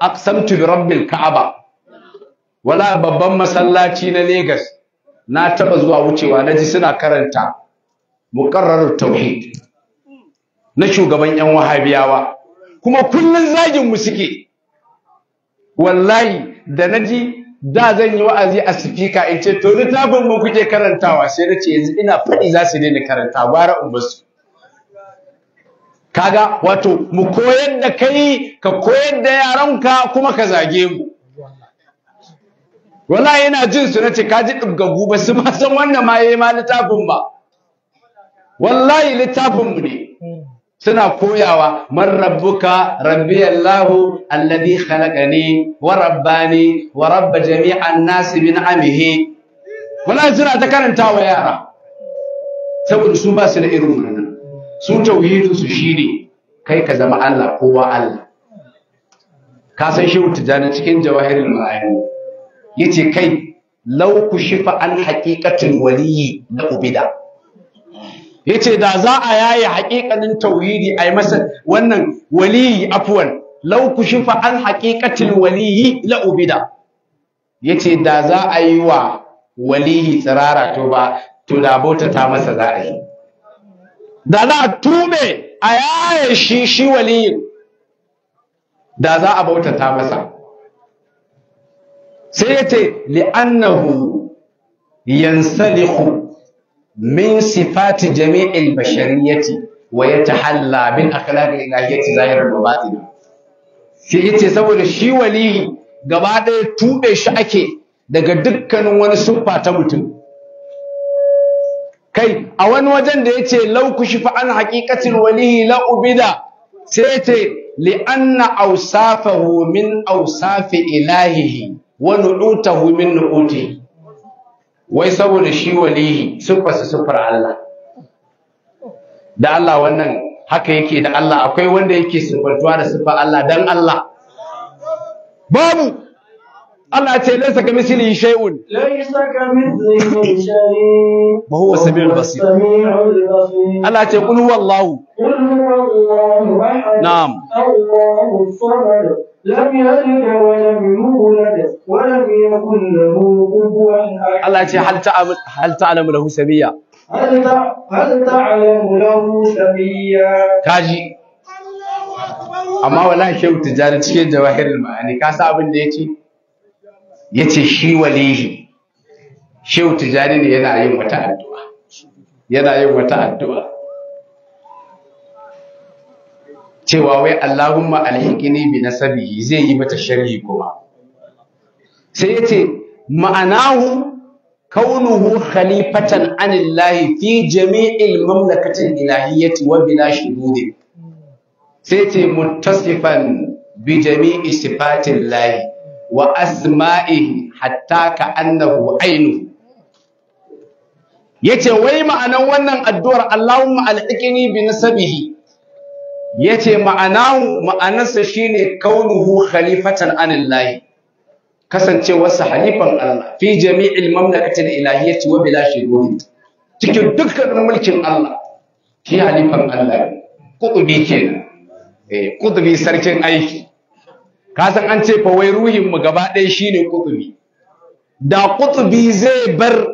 aqsamtu bi rabbil ka'aba wala babban masallaci na Lagos na taba zuwa wucewa naji suna karanta muqarrarut tauhid na shugaban yan wahabiyawa kuma kullun zagin mu suke wallahi da naji da zan yi wa'azi a sifika in ce to littafin mu kuke karantawa sai na ce yanzu ina faɗi za su daina karanta bara in basu kaga wato mu koyar da kai ka koyar da yaran ka kuma ka zage mu wallahi yana jin su nace ka ji dubgaggu ba su ma san wannan ma yayi ma littafin ba wallahi littafin mu ne suna koyawa man rabbuka rabbi allahu alladhi khalaqani wa rabbani wa rabba jami'an nas min amihi wala suna ta karanta wa yara saboda su ba su da irin wannan su tauhidin su shine kai ka zama Allah kowa Allah ka san shi tijani cikin jawahirul ma'ani yace kai law kushifa an haqiqatin waliyyi na ubida yace da za a yaye haƙiƙanin tauhidi ai masa wannan waliyi afwan law kushifa an haqiqatil waliyi la ubida yace da za a yi wa waliyi tsirara to ba to da bauta ta masa za a yi da za a tume a yaye shi shi waliyi da za a bauta ta masa sai yace li'annahu yansalihu min sifati jami'il bashariyati wa yatahalla min akhlaqil ilahiyati zahiran wa batinan shi yace saboda shi wali gaba ɗaya tube shi ake daga dukkanin wani siffa ta mutum kai a wani wajen da yace law kushifa an haqiqatil wali la ubida sai yace لأن أوصافه من أوصاف إلهه ونعوته من نعوته wai saboda shi walihi su siffar Allah da Allah wannan haka yake da Allah akwai wanda yake siffantuwa da siffar Allah dan Allah babu الله أتي ليس كمثله شيء ليس كمثله شيء وهو السميع البصير الله أتي قل هو الله قل هو الله احد نعم الله الصمد لم يلد ولم يولد ولم يكن له كفوا احد الله أتي هل تعلم هل تعلم له سميا هل هل تعلم له سميا كاجي أما ولا شيء tijjani cikin jawahirul ma'ani ka sa abin ya ce shi walihi shi, tijani ne yana yin wata addu'a yana yin wata addu'a cewa wai Allahumma alhikini bi nasabihi zai yi mata sharhi kuma sai yace ma'anahu kaunuhu khalifatan anillahi fi jami'il mamlakatin ilahiyyati wa bila shudud sai yace muttasifan bi jami'i lahi. wa asma'ihi hatta ka annahu ainu yace wai ma'anan wannan addu'ar Allahumma alhiqni bi nasabihi yace ma'anahu ma'anarsa shine kaunuhu khalifatan anillahi kasancewarsa halifan Allah fi jami'il mamlakatil ilahiyyati wa bila shirki cikin dukkanin mulkin Allah shi halifan Allah kutubi kenan eh kutubi sarkin aiki ka san an ce fa wai ruhin mu gaba ɗaya shine kutubi da kutubi zai bar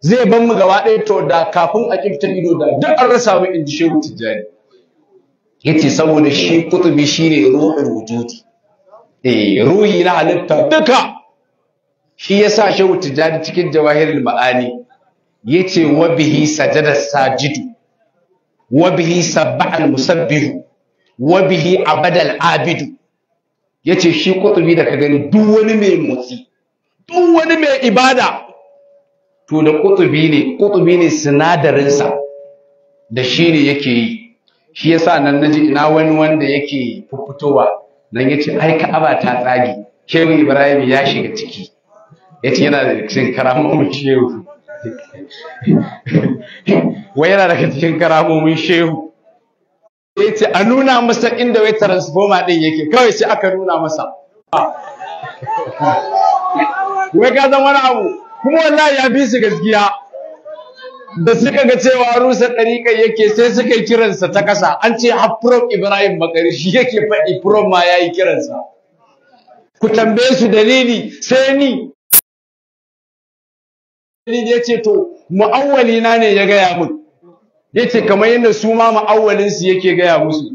zai ban mu gaba ɗaya to da kafin a kifta ido da duk an rasa mu in ji shehu tijjani yace saboda shi kutubi shine ruhin wujudi eh ruhi na halitta duka shi yasa shehu tijjani cikin jawahirul ma'ani yace wa bihi sajada sajidu wa bihi sabbaha al musabbihu wa bihi abadal abidu yace shi kutubi da ka gani duk wani mai motsi duk wani mai ibada to da kutubi ne ne sinadarinsa da shi ne yake yi shi yasa nan naji ina wani wanda yake fitowa nan yace ai aba ta tsage shehu ibrahim ya shiga ciki yace yana da cikin karamomin shehu wai yana daga cikin karamomin shehu ya ce a nuna masa inda wai transformer din yake kawai sai aka nuna masa wai ka zan wani abu kuma wallahi ya fi su gaskiya da suka ga cewa rusa ɗariƙa yake sai suka yi kiransa ta ƙasa an ce har ibrahim bakari shi yake faɗi from ma ya yi kiransa ku tambaye su dalili sai ni dalili ya ce to mu'awwali na ne ya gaya mun yace kamar yadda su ma ma'awwalin su yake gaya musu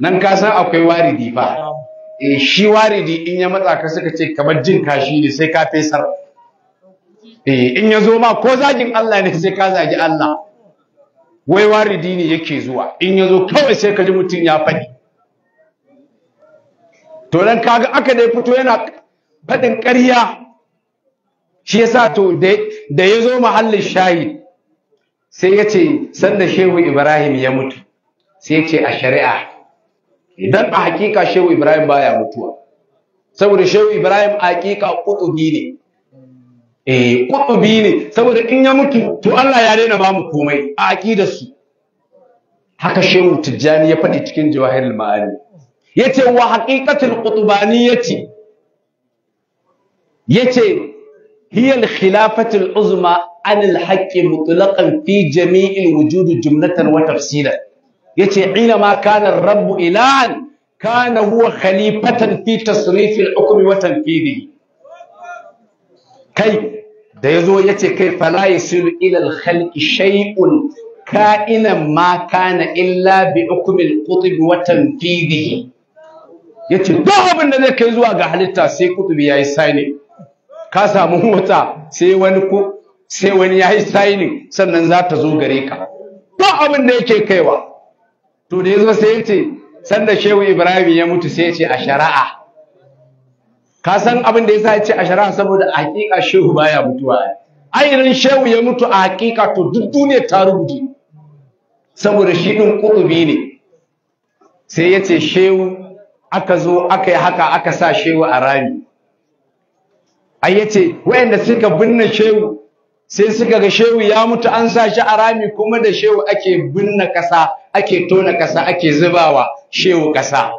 nan ka san akwai waridi fa eh shi waridi in ya matsa suka ce kamar jin kashi ne sai ka fesar eh in ya zo ma ko zagin Allah ne sai ka zagi Allah wai waridi ne yake zuwa in ya zo kawai sai ka ji mutum ya faɗi to nan kaga aka dai fito yana faɗin ƙarya shi yasa to da ya zo mahallin shayi sai ya ce sanda shehu ibrahim ya mutu sai ya ce a shari'a idan a hakika shehu ibrahim baya mutuwa saboda shehu ibrahim a hakika kutubi ne eh kutubi ne saboda in ya mutu to Allah ya daina ba mu komai a aqidar su haka shehu tijjani ya faɗi cikin jawahirul ma'ani yace wa haqiqatul qutubaniyati yace hiya al khilafatul uzma anil haqqi mutlaqan fi jami'il wujud jumlatan wa tafsilan yace ina ma kana rabbu ilahan kana huwa khalifatan fi tasrif al-hukm wa kai da yazo yace kai fala yasiru ila al-khalqi shay'un ka'inan ma kana illa bi hukm al-qutb wa tanfidhi yace duk abin da zai kai zuwa ga halitta sai qutbi yayi sane ka samu wata sai wani ko sai wani ya yi sainin sannan za ta zo gare ka ba abin da yake kaiwa to da ya zo sai ce sanda shehu ibrahim ya mutu sai ya ce a shari'a ka san abin da ya sa ce a shari'a saboda hakika shehu baya mutuwa ainihin shehu ya mutu a hakika to duk duniya ta rubuce saboda shi ɗin ƙuɗubi ne sai ya ce shehu aka zo aka yi haka aka sa shehu a rami ai ya ce waɗanda suka binne shehu sai suka ga shehu ya mutu an sa shi a rami kuma da shehu ake binna kasa ake tona kasa ake zubawa shehu ƙasa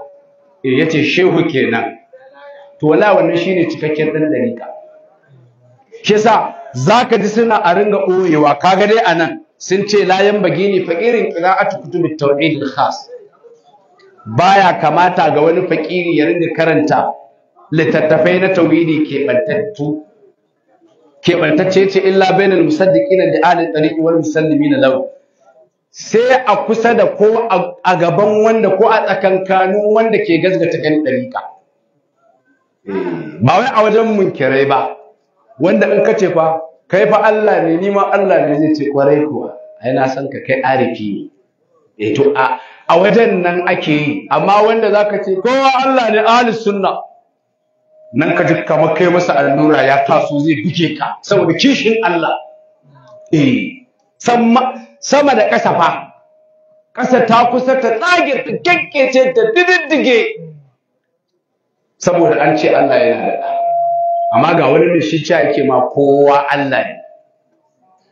eh, ya ce shehu kenan to wala wannan shine cikakken dan dariƙa kisa zaka ji suna a ringa ɓoyewa kaga dai anan sun ce layan bagini fakirin qira'atu kutubit tawhidil khas baya kamata ga wani fakiri ya ringa karanta littattafai na tauhidi ke bantattu keɓantacce ce illa bainal musaddiqina da ahli tariqi wal musallimina law sai a kusa da ko a gaban wanda ko a tsakankanu wanda ke gazgata kan ɗariƙa ba wai a wajen munkirai ba wanda in ka ce fa kai fa Allah ne ni ma Allah ne zai ce kwarai kuwa ai na san ka kai arifi ne eh to a wajen nan ake yi amma wanda zaka ce kowa Allah ne ahli sunna nan ka ji kamar kai masa allura ya taso zai buge ka saboda kishin Allah eh sama da ƙasa fa ƙasa ta kusa ta tsage ta kekkece ta diddige saboda an ce Allah yana da amma ga wani da shi cewa yake ma kowa Allah ne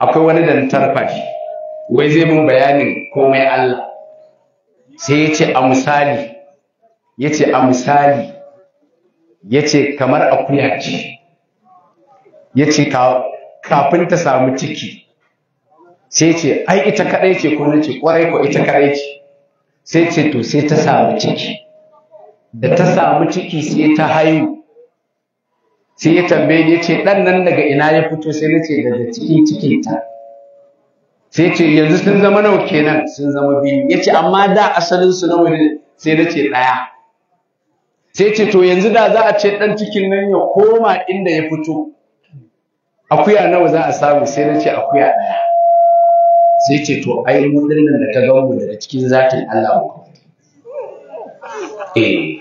akwai wani da tarfa shi wai zai min bayanin komai Allah sai ya ce a misali ya ce a misali yace kamar akuya ce yace kafin ta samu ciki sai ce ai ita kadai ce ko nace kwarai ko ita kadai ce sai ce to sai ta samu ciki da ta samu ciki sai ta haihu sai ya tambaye ni yace dan nan daga ina ya fito sai nace daga cikin cikin ta sai ce yanzu sun zama nawa kenan sun zama biyu yace amma da asalin su nawa ne sai nace daya sai ce to yanzu da za a ce dan cikin nan ya koma inda ya fito akuya nawa za a samu sai na ce akuya ɗaya sai ce to ai mu nan da ta ga mu daga cikin zatin Allah eh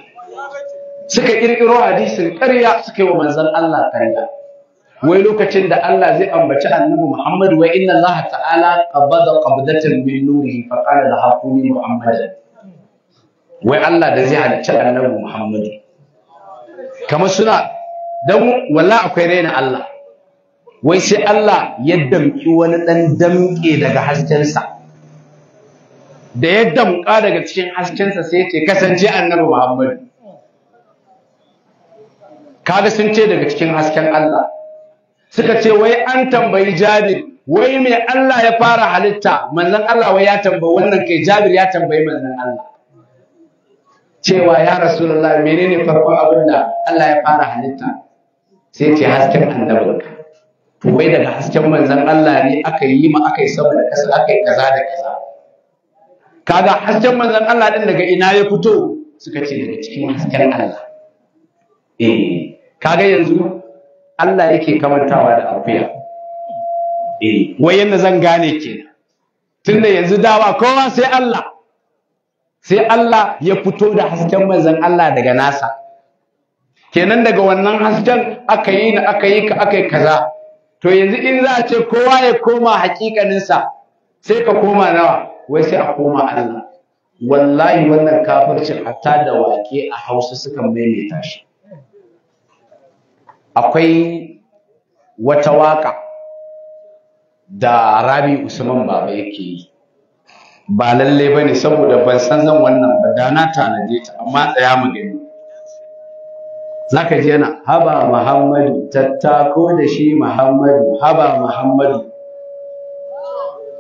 suka kirkiro hadisin ƙarya suka yi wa manzon Allah ƙarya wai lokacin da Allah zai ambaci annabi Muhammad wa inna Allah ta'ala qabada qabdatan min nurihi fa qala laha kuni muhammadan wai Allah da zai halicci annabi Muhammadu kamar suna dan wallahi akwai raina Allah wai sai Allah ya damki wani dan damke daga haskensa da ya damka daga cikin haskensa sai ya ce kasance annabi Muhammadu kaga sun ce daga cikin hasken Allah suka ce wai an tambayi Jabir wai me Allah ya fara halitta manzon Allah wai ya tambayi wannan kai Jabir ya tambayi manzon Allah cewa ya rasu rasulullah menene farko abinda Allah ya fara halitta sai ce hasken annabinka wai daga hasken manzan Allah ne aka yi ma aka yi sama da kasa aka yi kaza da kaza kaga hasken manzan Allah din daga ina ya fito suka ce daga cikin hasken Allah eh kaga yanzu Allah yake kamantawa da akuya eh wai yanda zan gane kenan tunda yanzu dawa kowa sai Allah sai Allah ya fito da hasken manzon Allah daga nasa kenan daga wannan hasken aka yi aka yi ka aka yi kaza to yanzu in za a ce kowa ya koma hakikaninsa sai ka koma nawa wai sai a koma Allah wallahi wannan kafircin hatta da wake a Hausa suka maimaita shi akwai wata waka da Rabi Usman Baba yake yi ba lalle ba ne saboda ban san zan wannan ba da na tanaje ta amma tsaya mu gani zaka ji yana haba muhammadu tattako da shi muhammadu haba muhammadu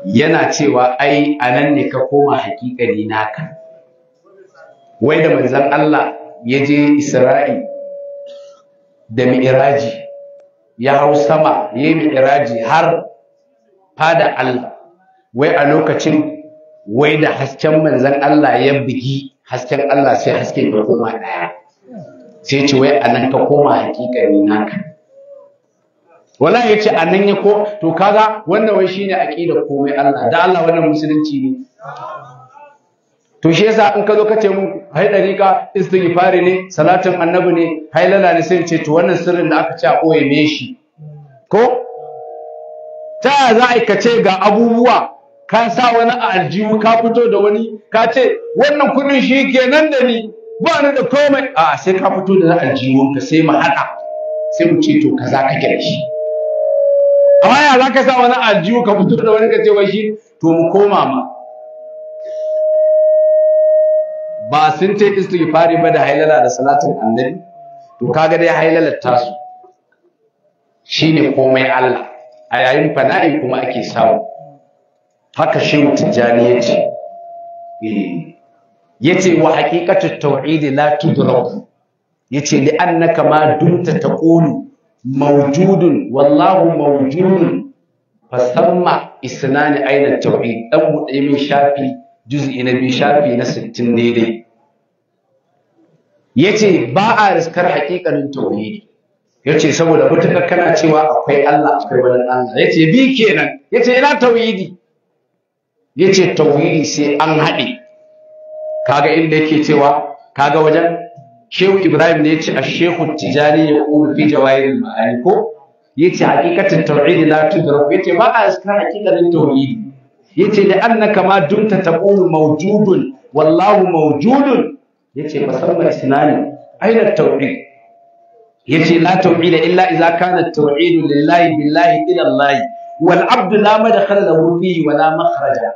yana cewa ai anan nan ne ka koma hakikani naka wai da manzon Allah ya je Isra'i da mi'raji ya hau sama ya yi har fada Allah wai a lokacin wai da hasken manzan Allah ya bugi hasken Allah sai hasken ya koma ɗaya sai ce wai a nan ka koma hakikani naka wala ya ce a nan ya ko to kaga wannan wai shine aqidar komai Allah da Allah wannan musulunci ne to shi yasa in ka zo ka ce mu hai dariqa istighfari ne salatin annabi ne lala ne sai ce to wannan sirrin da aka ce a koye me shi ko ta za a ka ce ga abubuwa ka sa wani a aljihu ka fito da wani ka ce wannan kudin shi kenan da ni ba ni da komai a sai ka fito da na ka sai mu haɗa sai mu ce to kaza ka kira shi amma ya za ka sa wani aljihu ka fito da wani ka ce wai shi to mu koma ma ba sun ce istighfari ba da hailala da salatin annabi to kaga dai hailalar su shine komai Allah a yayin fana'i kuma ake samu haka shehu tijjani ya ce eh. ya ce wa haƙiƙatu tauhidi la tudraku ya ce li annaka ma dumta taqulu mawjudun wallahu mawjudun fasamma isnani aina tauhid dan buɗe min shafi juz'i na bi shafi na sittin daidai ya ce ba a riskar haƙiƙanin tauhidi ya ce saboda mutukar kana cewa akwai Allah akwai wani Allah ya ce bi kenan ya ce ina tauhidi yace tauhidi sai an haɗe kaga inda yake cewa kaga wajen shehu ibrahim ne yace ash-shehu tijani ya qulu fi jawahiril ma'ani ko yace haqiqatin tauhidi la tudrak yace ba a san haqiqatin tauhidi yace da annaka ma dumta taqulu mawjudun wallahu mawjudun yace fasamma isnani aina tauhid yace la tauhida illa idza kana tauhidu lillahi billahi ila allahi wal abdu la madkhala lahu fihi wa la makhraja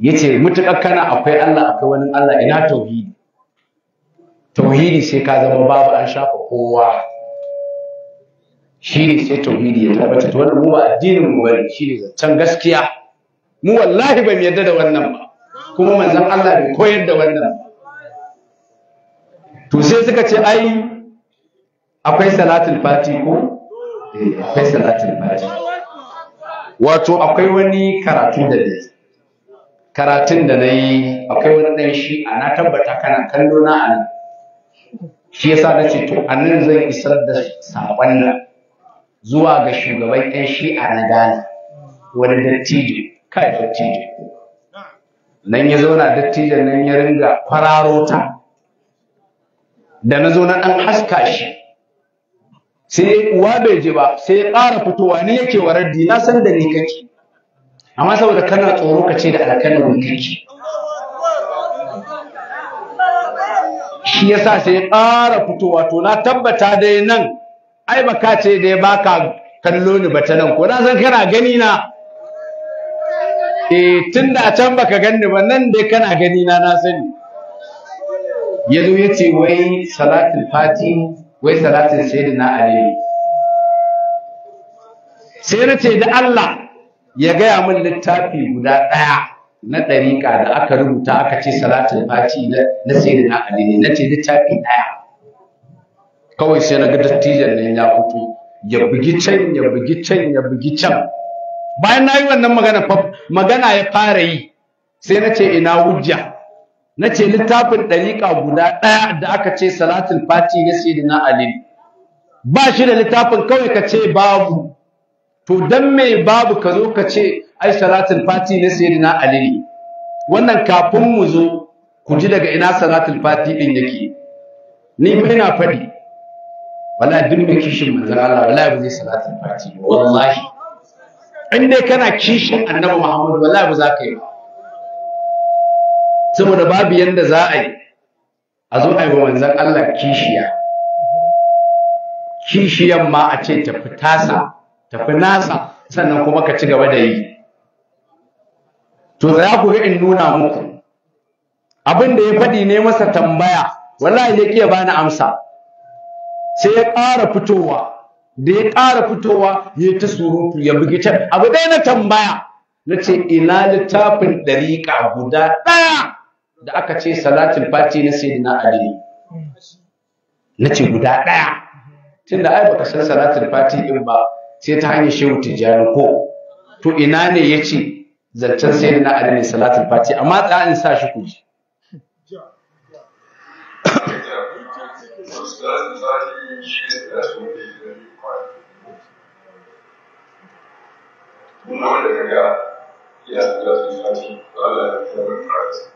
yace mutukar kana akwai Allah akwai wani Allah ina tauhidi tauhidi sai ka zama babu an shafa kowa shi sai tauhidi ya tabbata to wannan mu ba addinin mu bane shi ne zancen gaskiya mu wallahi ba mu yarda da wannan ba kuma manzon Allah bai koyar da wannan to sai suka ce ai akwai salatul fati ko wato akwai wani karatu da ne karatun da na yi akwai wani ɗan shi a na tabbata kana kallo na a nan shi yasa na ce to a nan zan isar da saƙon nan zuwa ga shugaban 'yan shi'a na wani dattijo kai dattijo nan ya zauna dattijon nan ya ringa kwararo ta da na zo na ɗan haska shi sai uwa bai ji ba sai ya ƙara fitowa ni yake wa na san da ni kake amma saboda kana tsoro ka ce da alƙalin ni kake shi yasa sai ya ƙara fitowa to na tabbata dai nan ai ba ka ce dai ka kallo ni bata nan ko na san kana gani na eh tunda a can baka ganni ba nan dai kana gani na na sani ya ce wai salatul fatih wai salatin na ali sai na ce da Allah ya gaya min littafi guda ɗaya na ɗariƙa da aka rubuta aka ce salatin fati na sayyidina na ne na ce littafi ɗaya kawai sai na ga dattijan nan ya fito ya bugi can ya bugi can ya bugi can bayan na yi wannan magana magana ya fara yi sai na ce ina hujja na ce littafin ɗariƙa guda ɗaya da aka ce salatul fati na sayyidina ali ba shi da littafin kawai ka ce babu to dan me babu ka zo ka ce ai salatul fati na sayyidina ali wannan kafin mu zo ku ji daga ina salatul fati din yake ni mai na faɗi wallahi duk mai kishin manzan Allah wallahi ba zai salatul fati wallahi in dai kana kishin annabi Muhammad wallahi ba za ka yi ba saboda babu yanda za a yi a zo a yi Allah kishiya kishiyan ma a ce tafi tasa tafi nasa sannan kuma ka ci gaba da yi to za ku ga in nuna muku abin da ya faɗi ne masa tambaya wallahi ya kiya bani amsa sai ya ƙara fitowa da ya ƙara fitowa ya ta surutu ya bugi can abu ɗaya na tambaya na ce ina littafin ɗariƙa guda ɗaya da aka ce salatul fati na sayyidina ali na ce guda ɗaya tunda ai baka san salatul fati din ba sai ta hanyar shehu tijani ko to ina ne ya ce zancen sayyidina ali ne salatul fati amma tsaya in sa shi kuji Nuna wanda daga ya zafi Allah ya zama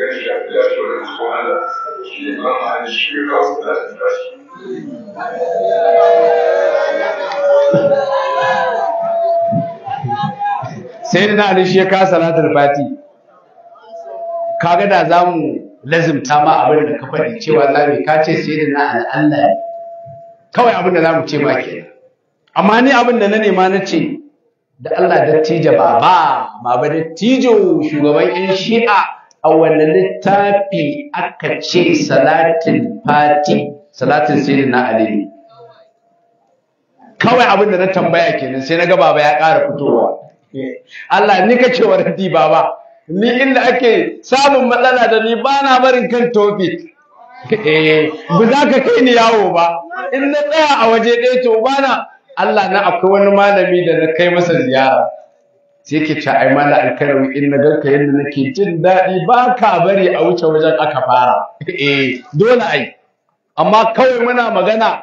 gashi da shi shi shi ya da shi. sai da na ali ya kawo salatul fati kaga da za mu lazimta ma abin da ka faɗi cewa za mu ka ce sai da na Allah kawai abin da za mu ce ma ke amma ni abin da na nema na ce da Allah dattijo baba baba dattijo shugaban yan shi'a a wani littafi aka ce salatin fati salatin sirri na alimi kawai abin da na tambaya kenan sai na ga baba ya ƙara fitowa Allah ni ka ce wa radi baba ni inda ake samun matsala da ni ba na barin kan topic eh, ba za ka kai ni yawo ba in na tsaya a waje ɗaya to na. Allah na akwai wani malami da na kai masa ziyara sai ke ce ai alkarawi in na ganka yadda nake jin daɗi ba ka bari a wuce wajen aka fara eh dole ai amma kawai muna magana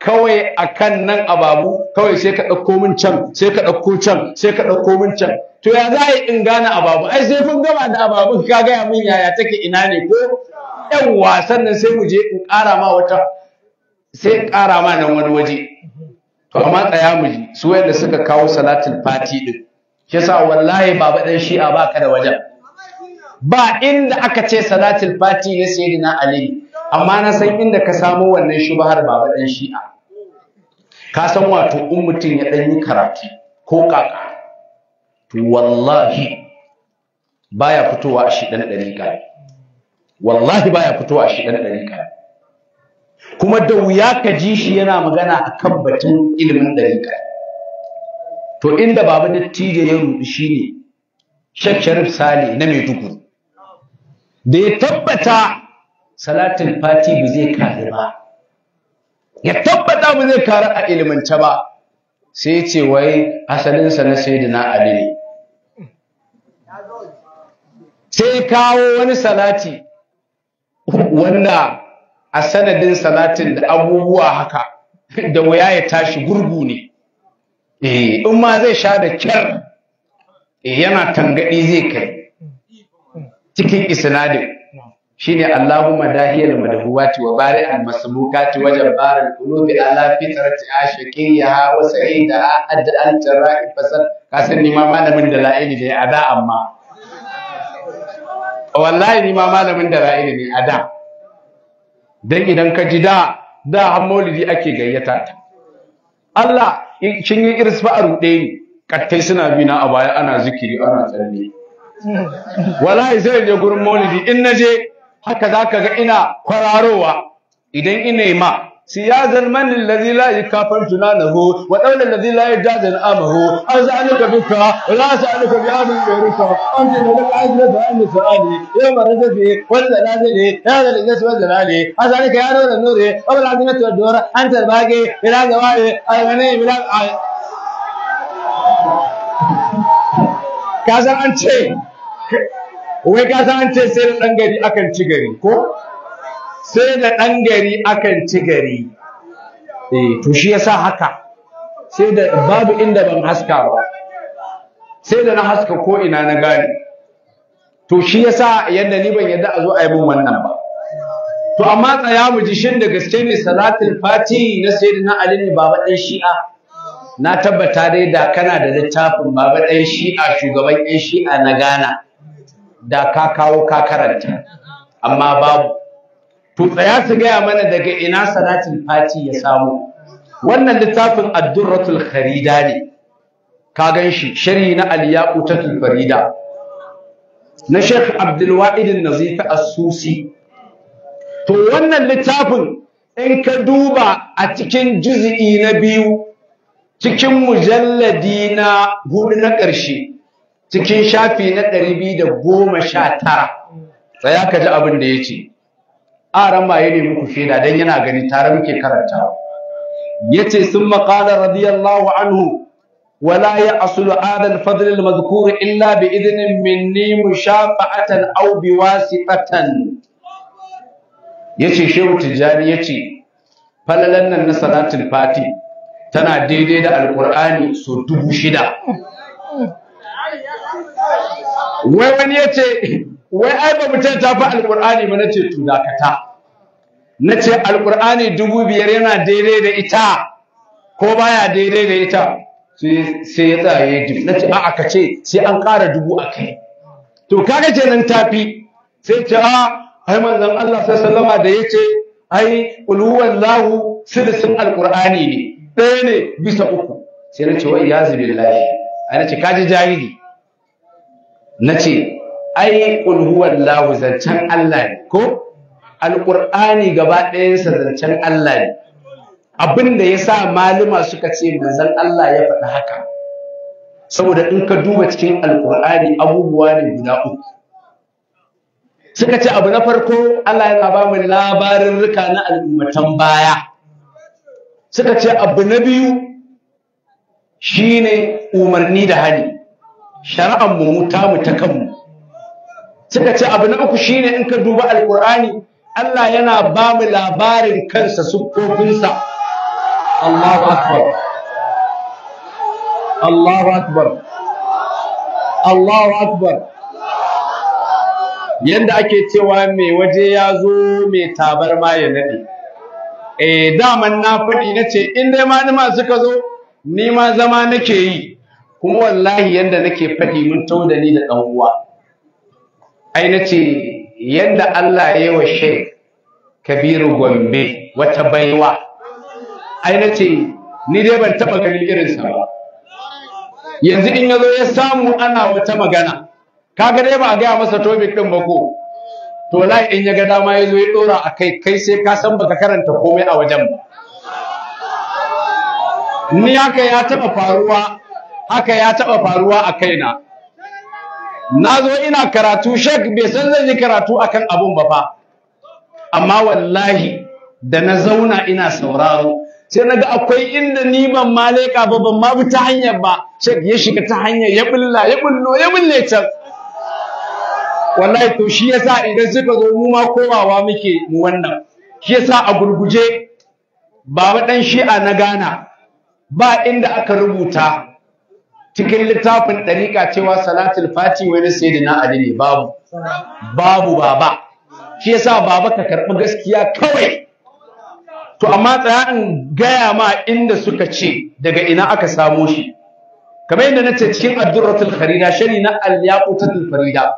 kawai akan nan ababu kawai sai ka ɗauko min can sai ka ɗauko can sai ka ɗauko min can to ya za a yi in gane ababu ai sai kun gama da ababu ka gaya min yaya take ina ne ko yan wasan nan sai mu je in ƙara ma wata sai ƙara ma nan wani waje to amma tsaya mu ji su wanda suka kawo salatul fati din sa wallahi baba dan shi'a baka da wajen ba inda aka ce salatul fati ne na ali amma na san inda ka samo wannan shubhar baba dan shi'a ka san wato in mutum ya dan yi karatu ko kaka to wallahi baya fitowa a shi dan dariƙa wallahi baya fitowa a shi dan dariƙa kuma da wuya ka ji shi yana magana a kan batun ilimin dariƙa to inda baba dattijo ya rudu shi ne Sheikh Sharif Sale na Maiduguri da ya tabbata salatin fati ba zai kare ba ya tabbata ba zai kare a ilimance ba sai ya ce wai asalinsa na na Ali ne sai kawo wani salati wanda a sanadin salatin da abubuwa haka da wuya ya tashi gurgu ne eh in ma zai sha da kyar eh, yana tangadi zai kai cikin isnadin shine Allahumma dahiyal madhuwati wa bari'al masbukati wajen baral qulubi ala fitrati sai wa sa'idaha ad'al tara'i Ka kasan ni ma malamin da la'ili ne ada amma wallahi ni ma malamin da la'ini ne ada dan idan ka ji da da har maulidi ake gayyata ta Allah kin yi iris fa a rude ni kattai suna bi na a baya ana zikiri ana tsalle wallahi sai je gurin maulidi in naje haka zaka ga ina kwararowa idan ina ma سياذا من الذي لا يكافر جنانه ودول الذي لا يجاز امه أزعلك بك ولا أزعلك بامر غيرك انت لك عزل فان سؤالي يوم رجفي والزلازل يا ذا الانس والزلال اسالك يا نور النور وبالعزيمة والدور انت الباقي بلا جوائي الغني بلا ka san an ce أنت ka أنجدي أكل ce كو sai da ɗan gari akan ci gari eh to shi yasa haka sai da babu inda ban haska ba sai da na haska ko ina na gane to shi yasa yadda ni ban yadda a zo a yi min wannan ba to amma tsaya mu ji shin da gaske ne salatul fati na sayyidina ali ne baba ɗan shi'a na tabbata dai da kana da littafin baba ɗan shi'a shugaban ɗan shi'a na gana da ka kawo ka karanta amma babu to ya su gaya mana daga ina salatin fati ya samu wannan littafin addurratul kharida ne ka gan shi sharhi na al-yaqutatul farida na Sheikh Abdul Wa'id asusi As-Susi to wannan littafin in ka duba a cikin juz'i na biyu cikin mujalladi na hudu na ƙarshe cikin shafi na 219 tsaya ka ji abin da yace aran ma ya nemi ku shaida dan yana gani tare muke karantawa yace summa qala radiyallahu anhu ولا يحصل هذا الفضل المذكور إلا بإذن مني مشافعة أو بواسطة yace shehu tijjani yace falalan nan na salatul fati tana daidai da alqur'ani so dubu shida wai wani yace wai ai ba mutum ta fi alƙur'ani ba nace to dakata nace alƙur'ani dubu biyar yana daidai da ita ko baya daidai da ita sai ya tsaye ya yi nace a aka ce sai an ƙara dubu a kai to kaga kenan tafi sai ce a ai manzon Allah sallallahu alaihi da yace ai qul huwallahu sidisin alqur'ani ne ɗaya ne bisa uku sai nace wai yazi billahi ai nace kaji jahili nace ai qul huwallahu zancen Allah ne ko Alƙur'ani gaba ɗayansa zancen Allah ne abinda ya sa malama suka ce manzon Allah ya faɗi haka saboda in ka duba cikin Alƙur'ani, abubuwa ne guda uku suka ce abu na farko Allah yana ba mu labarin rika na al'ummatan baya suka ce abu na biyu shine umarni da hari. shari'ar mu ta mu ta kanmu suka ce abu na uku shine in ka duba alqur'ani Allah yana ba mu labarin kansa sukofinsa Allahu akbar Allahu akbar Allahu akbar yanda ake cewa mai waje ya zo mai tabarma ya nade eh daman na faɗi nace in dai ma suka zo ni ma zama nake yi kuma wallahi yanda nake faɗi mun tauda ni da ɗan uwa Aina ce yadda Allah ya yi wa Sheikh Kabiru Gombe wata baiwa Aina ce ni dai ban taɓa ganin irinsa ba yanzu in yazo ya samu ana wata magana kaga dai ba a gaya masa topic ɗin ba ko to lai in ya ga dama ya zo ya ɗora a kai kai sai ka san baka karanta komai a wajen ba ni haka ya taɓa faruwa haka ya taɓa faruwa a kaina na zo ina karatu shek bai san zan yi karatu akan abun ba fa amma wallahi da na zauna ina sauraro sai naga akwai inda ni ban ma ba ban ma bi ta hanyar ba shek ya shiga ta hanyar ya bulla ya bullo ya bulle can wallahi to shi yasa idan suka zo mu ma kowawa muke mu wannan shi yasa a gurguje baba dan shi'a na gana. ba inda aka rubuta cikin littafin ɗariƙa cewa salatul fati wani sayyidina ali ne babu babu baba shi yasa baba ka karɓi gaskiya kawai to amma tsaya in gaya ma inda suka ce daga ina aka samo shi kamar yadda na ce cikin abdurratul kharida shari na al farida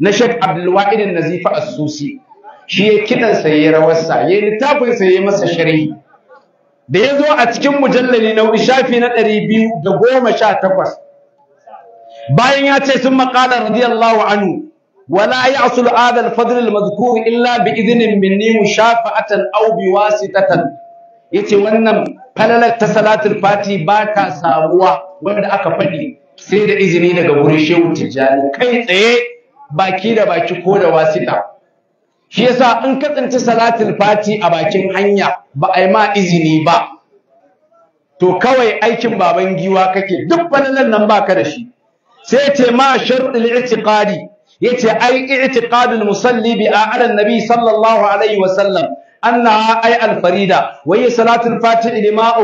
na shek Abdul na Nazifa As-Susi shi ya kidan sa yayi rawarsa yayi littafin sa masa sharhi da ya zo a cikin mujallali na shafi na ɗari biyu da goma sha takwas bayan ya ce sun maƙala radiyallahu anhu wala ya asul adal fadlil mazkur illa bi izinin minni mushafa'atan aw bi Ya ce wannan falalar ta salatul fati ba ta samuwa wanda aka faɗi sai da izini daga wurin shehu tijjani kai tsaye baki da baki ko da wasita shi yasa in ka tsinci fati a bakin hanya ba a yi ma izini ba to kawai aikin baban giwa kake duk falalan nan baka da shi sai ce ma sharɗul i'tiqadi yace ai i'tiqadul musalli bi a'ala nabi sallallahu alaihi wa sallam annaha ay al farida wa hiya salatul fatih lima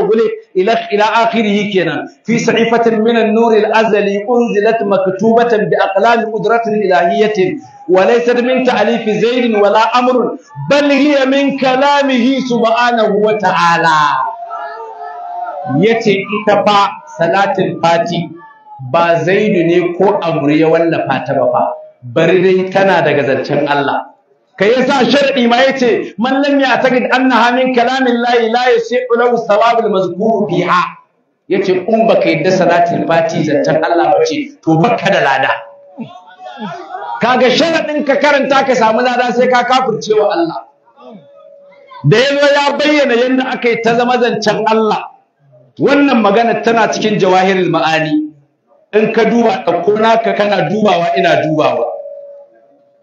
ila ila yi kenan fi sahifatin minan an-nur azali unzilat maktubatan bi aqlam qudratin ilahiyatin وليست من تأليف زيد ولا أمر بل هي من كلامه سبحانه وتعالى yace ita fa salatin fati ba zaidu ne ko amru ya wallafa ta ba fa bari dai tana daga zancen Allah kai yasa sharadi ma yace man lam ya'taqid annaha min kalamillahi la yasi'u lahu thawabul mazkur biha yace in baka yadda salatin fati zancen Allah ba ce to baka da lada kaga sharadin ka karanta ka samu lada sai ka wa Allah da yazo ya bayyana yanda aka yi ta zama zancen Allah wannan magana tana cikin jawahirul ma'ani in ka duba ɗauko naka kana dubawa ina dubawa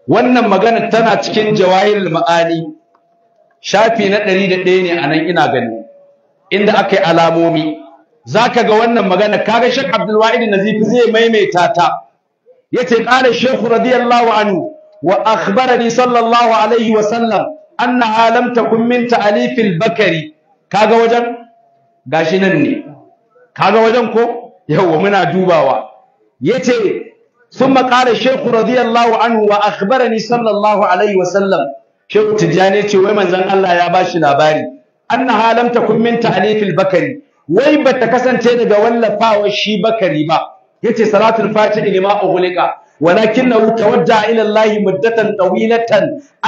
wannan magana tana cikin jawahirul ma'ani shafi na ɗari da ɗaya ne a nan ina gani inda aka yi alamomi za ka ga wannan magana kaga shek abdulwahid nazifi zai maimaita ta yace qala shaykh radiyallahu anhu wa akhbarani sallallahu alaihi wa sallam anna alam takun min ta'lif al-bakari kaga wajen gashi nan ne kaga wajen ko yawa muna dubawa yace ثم qala الشيخ radiyallahu anhu wa akhbarani sallallahu alaihi wa sallam شيخ tijani ce wai manzon Allah ya bashi labari anna alam takun min ta'lif al-bakari wai bata kasance daga wallafawa shi bakari ba yace salatul fatihi lima ughliqa ولكنه توجه muddatan الله مدة طويلة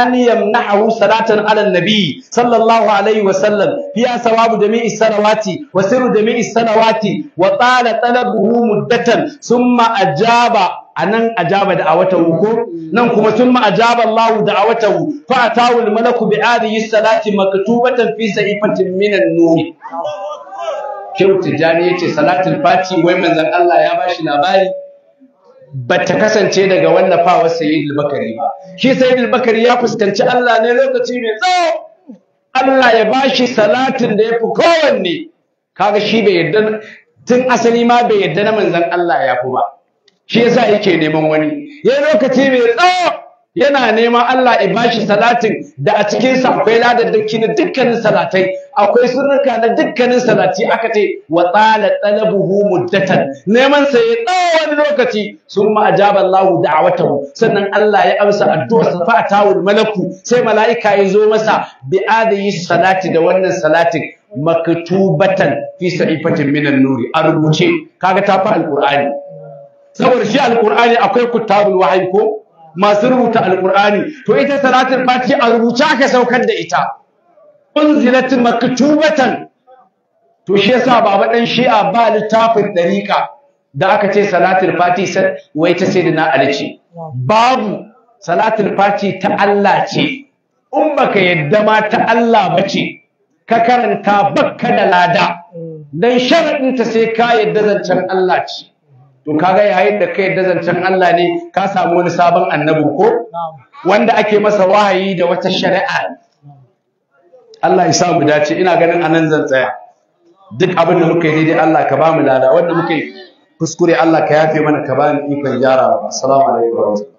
أن يمنحه صلاة sallallahu النبي wa الله عليه وسلم فيها ثواب جميع السنوات وسر جميع السنوات وطال طلبه مدة ثم أجاب anan ajaba da'awatahu ko nan kuma thumma ajaba Allahu da'awatahu fa atawu al-malaku bi hadhihi salati maktubatan fi sahifatin minan nur shehu tijjani ya ce salatul fati wai manzon Allah ya bashi labari ba ta kasance daga fawar sayyidul bakari ba shi sayyidul bakari ya fuskanci Allah ne lokaci mai tsawo Allah ya bashi salatin da ya fi kowanne kaga shi bai yarda tun asali ma bai yarda na manzon Allah ya fi ba shi yasa yake neman wani ya lokaci mai tsawo yana neman Allah ya bashi salatin da a cikinsa sa akwai ladadduki na dukkanin salatai akwai sunnuka na dukkanin salati aka ce wa tsala talabuhu muddatan neman sa ya tsawon lokaci summa ajaba Allah da'awatahu sannan Allah ya amsa addu'ar sa fa tawul malaku sai malaika ya zo masa bi adayi salati da wannan salatin maktubatan fi sa'ifatin minan nuri a rubuce kaga ta fa alqur'ani saboda shi alqur'ani akwai kutabul wahyi ko masu rubuta Alƙur'ani, to ita salatul Fati a rubuta aka saukar da ita unzilat maktubatan to shi yasa baba dan shi'a ba littafin dariqa da aka ce salatul fatiha wai ta sai na babu salatul Fati ta Allah ce in baka yadda ma ta Allah bace ka karanta bakka da lada dan sharadin ta sai ka yadda zancen Allah ce to kaga yayin da kai da zancen Allah ne ka samu wani sabon annabi ko wanda ake masa wahayi da wata shari'a Allah ya sa mu dace ina ganin anan zan tsaya duk abin da muka yi daidai Allah ka ba mu lada wanda muka yi kuskure Allah ka yafe mana ka ba mu ikon gyarawa assalamu alaikum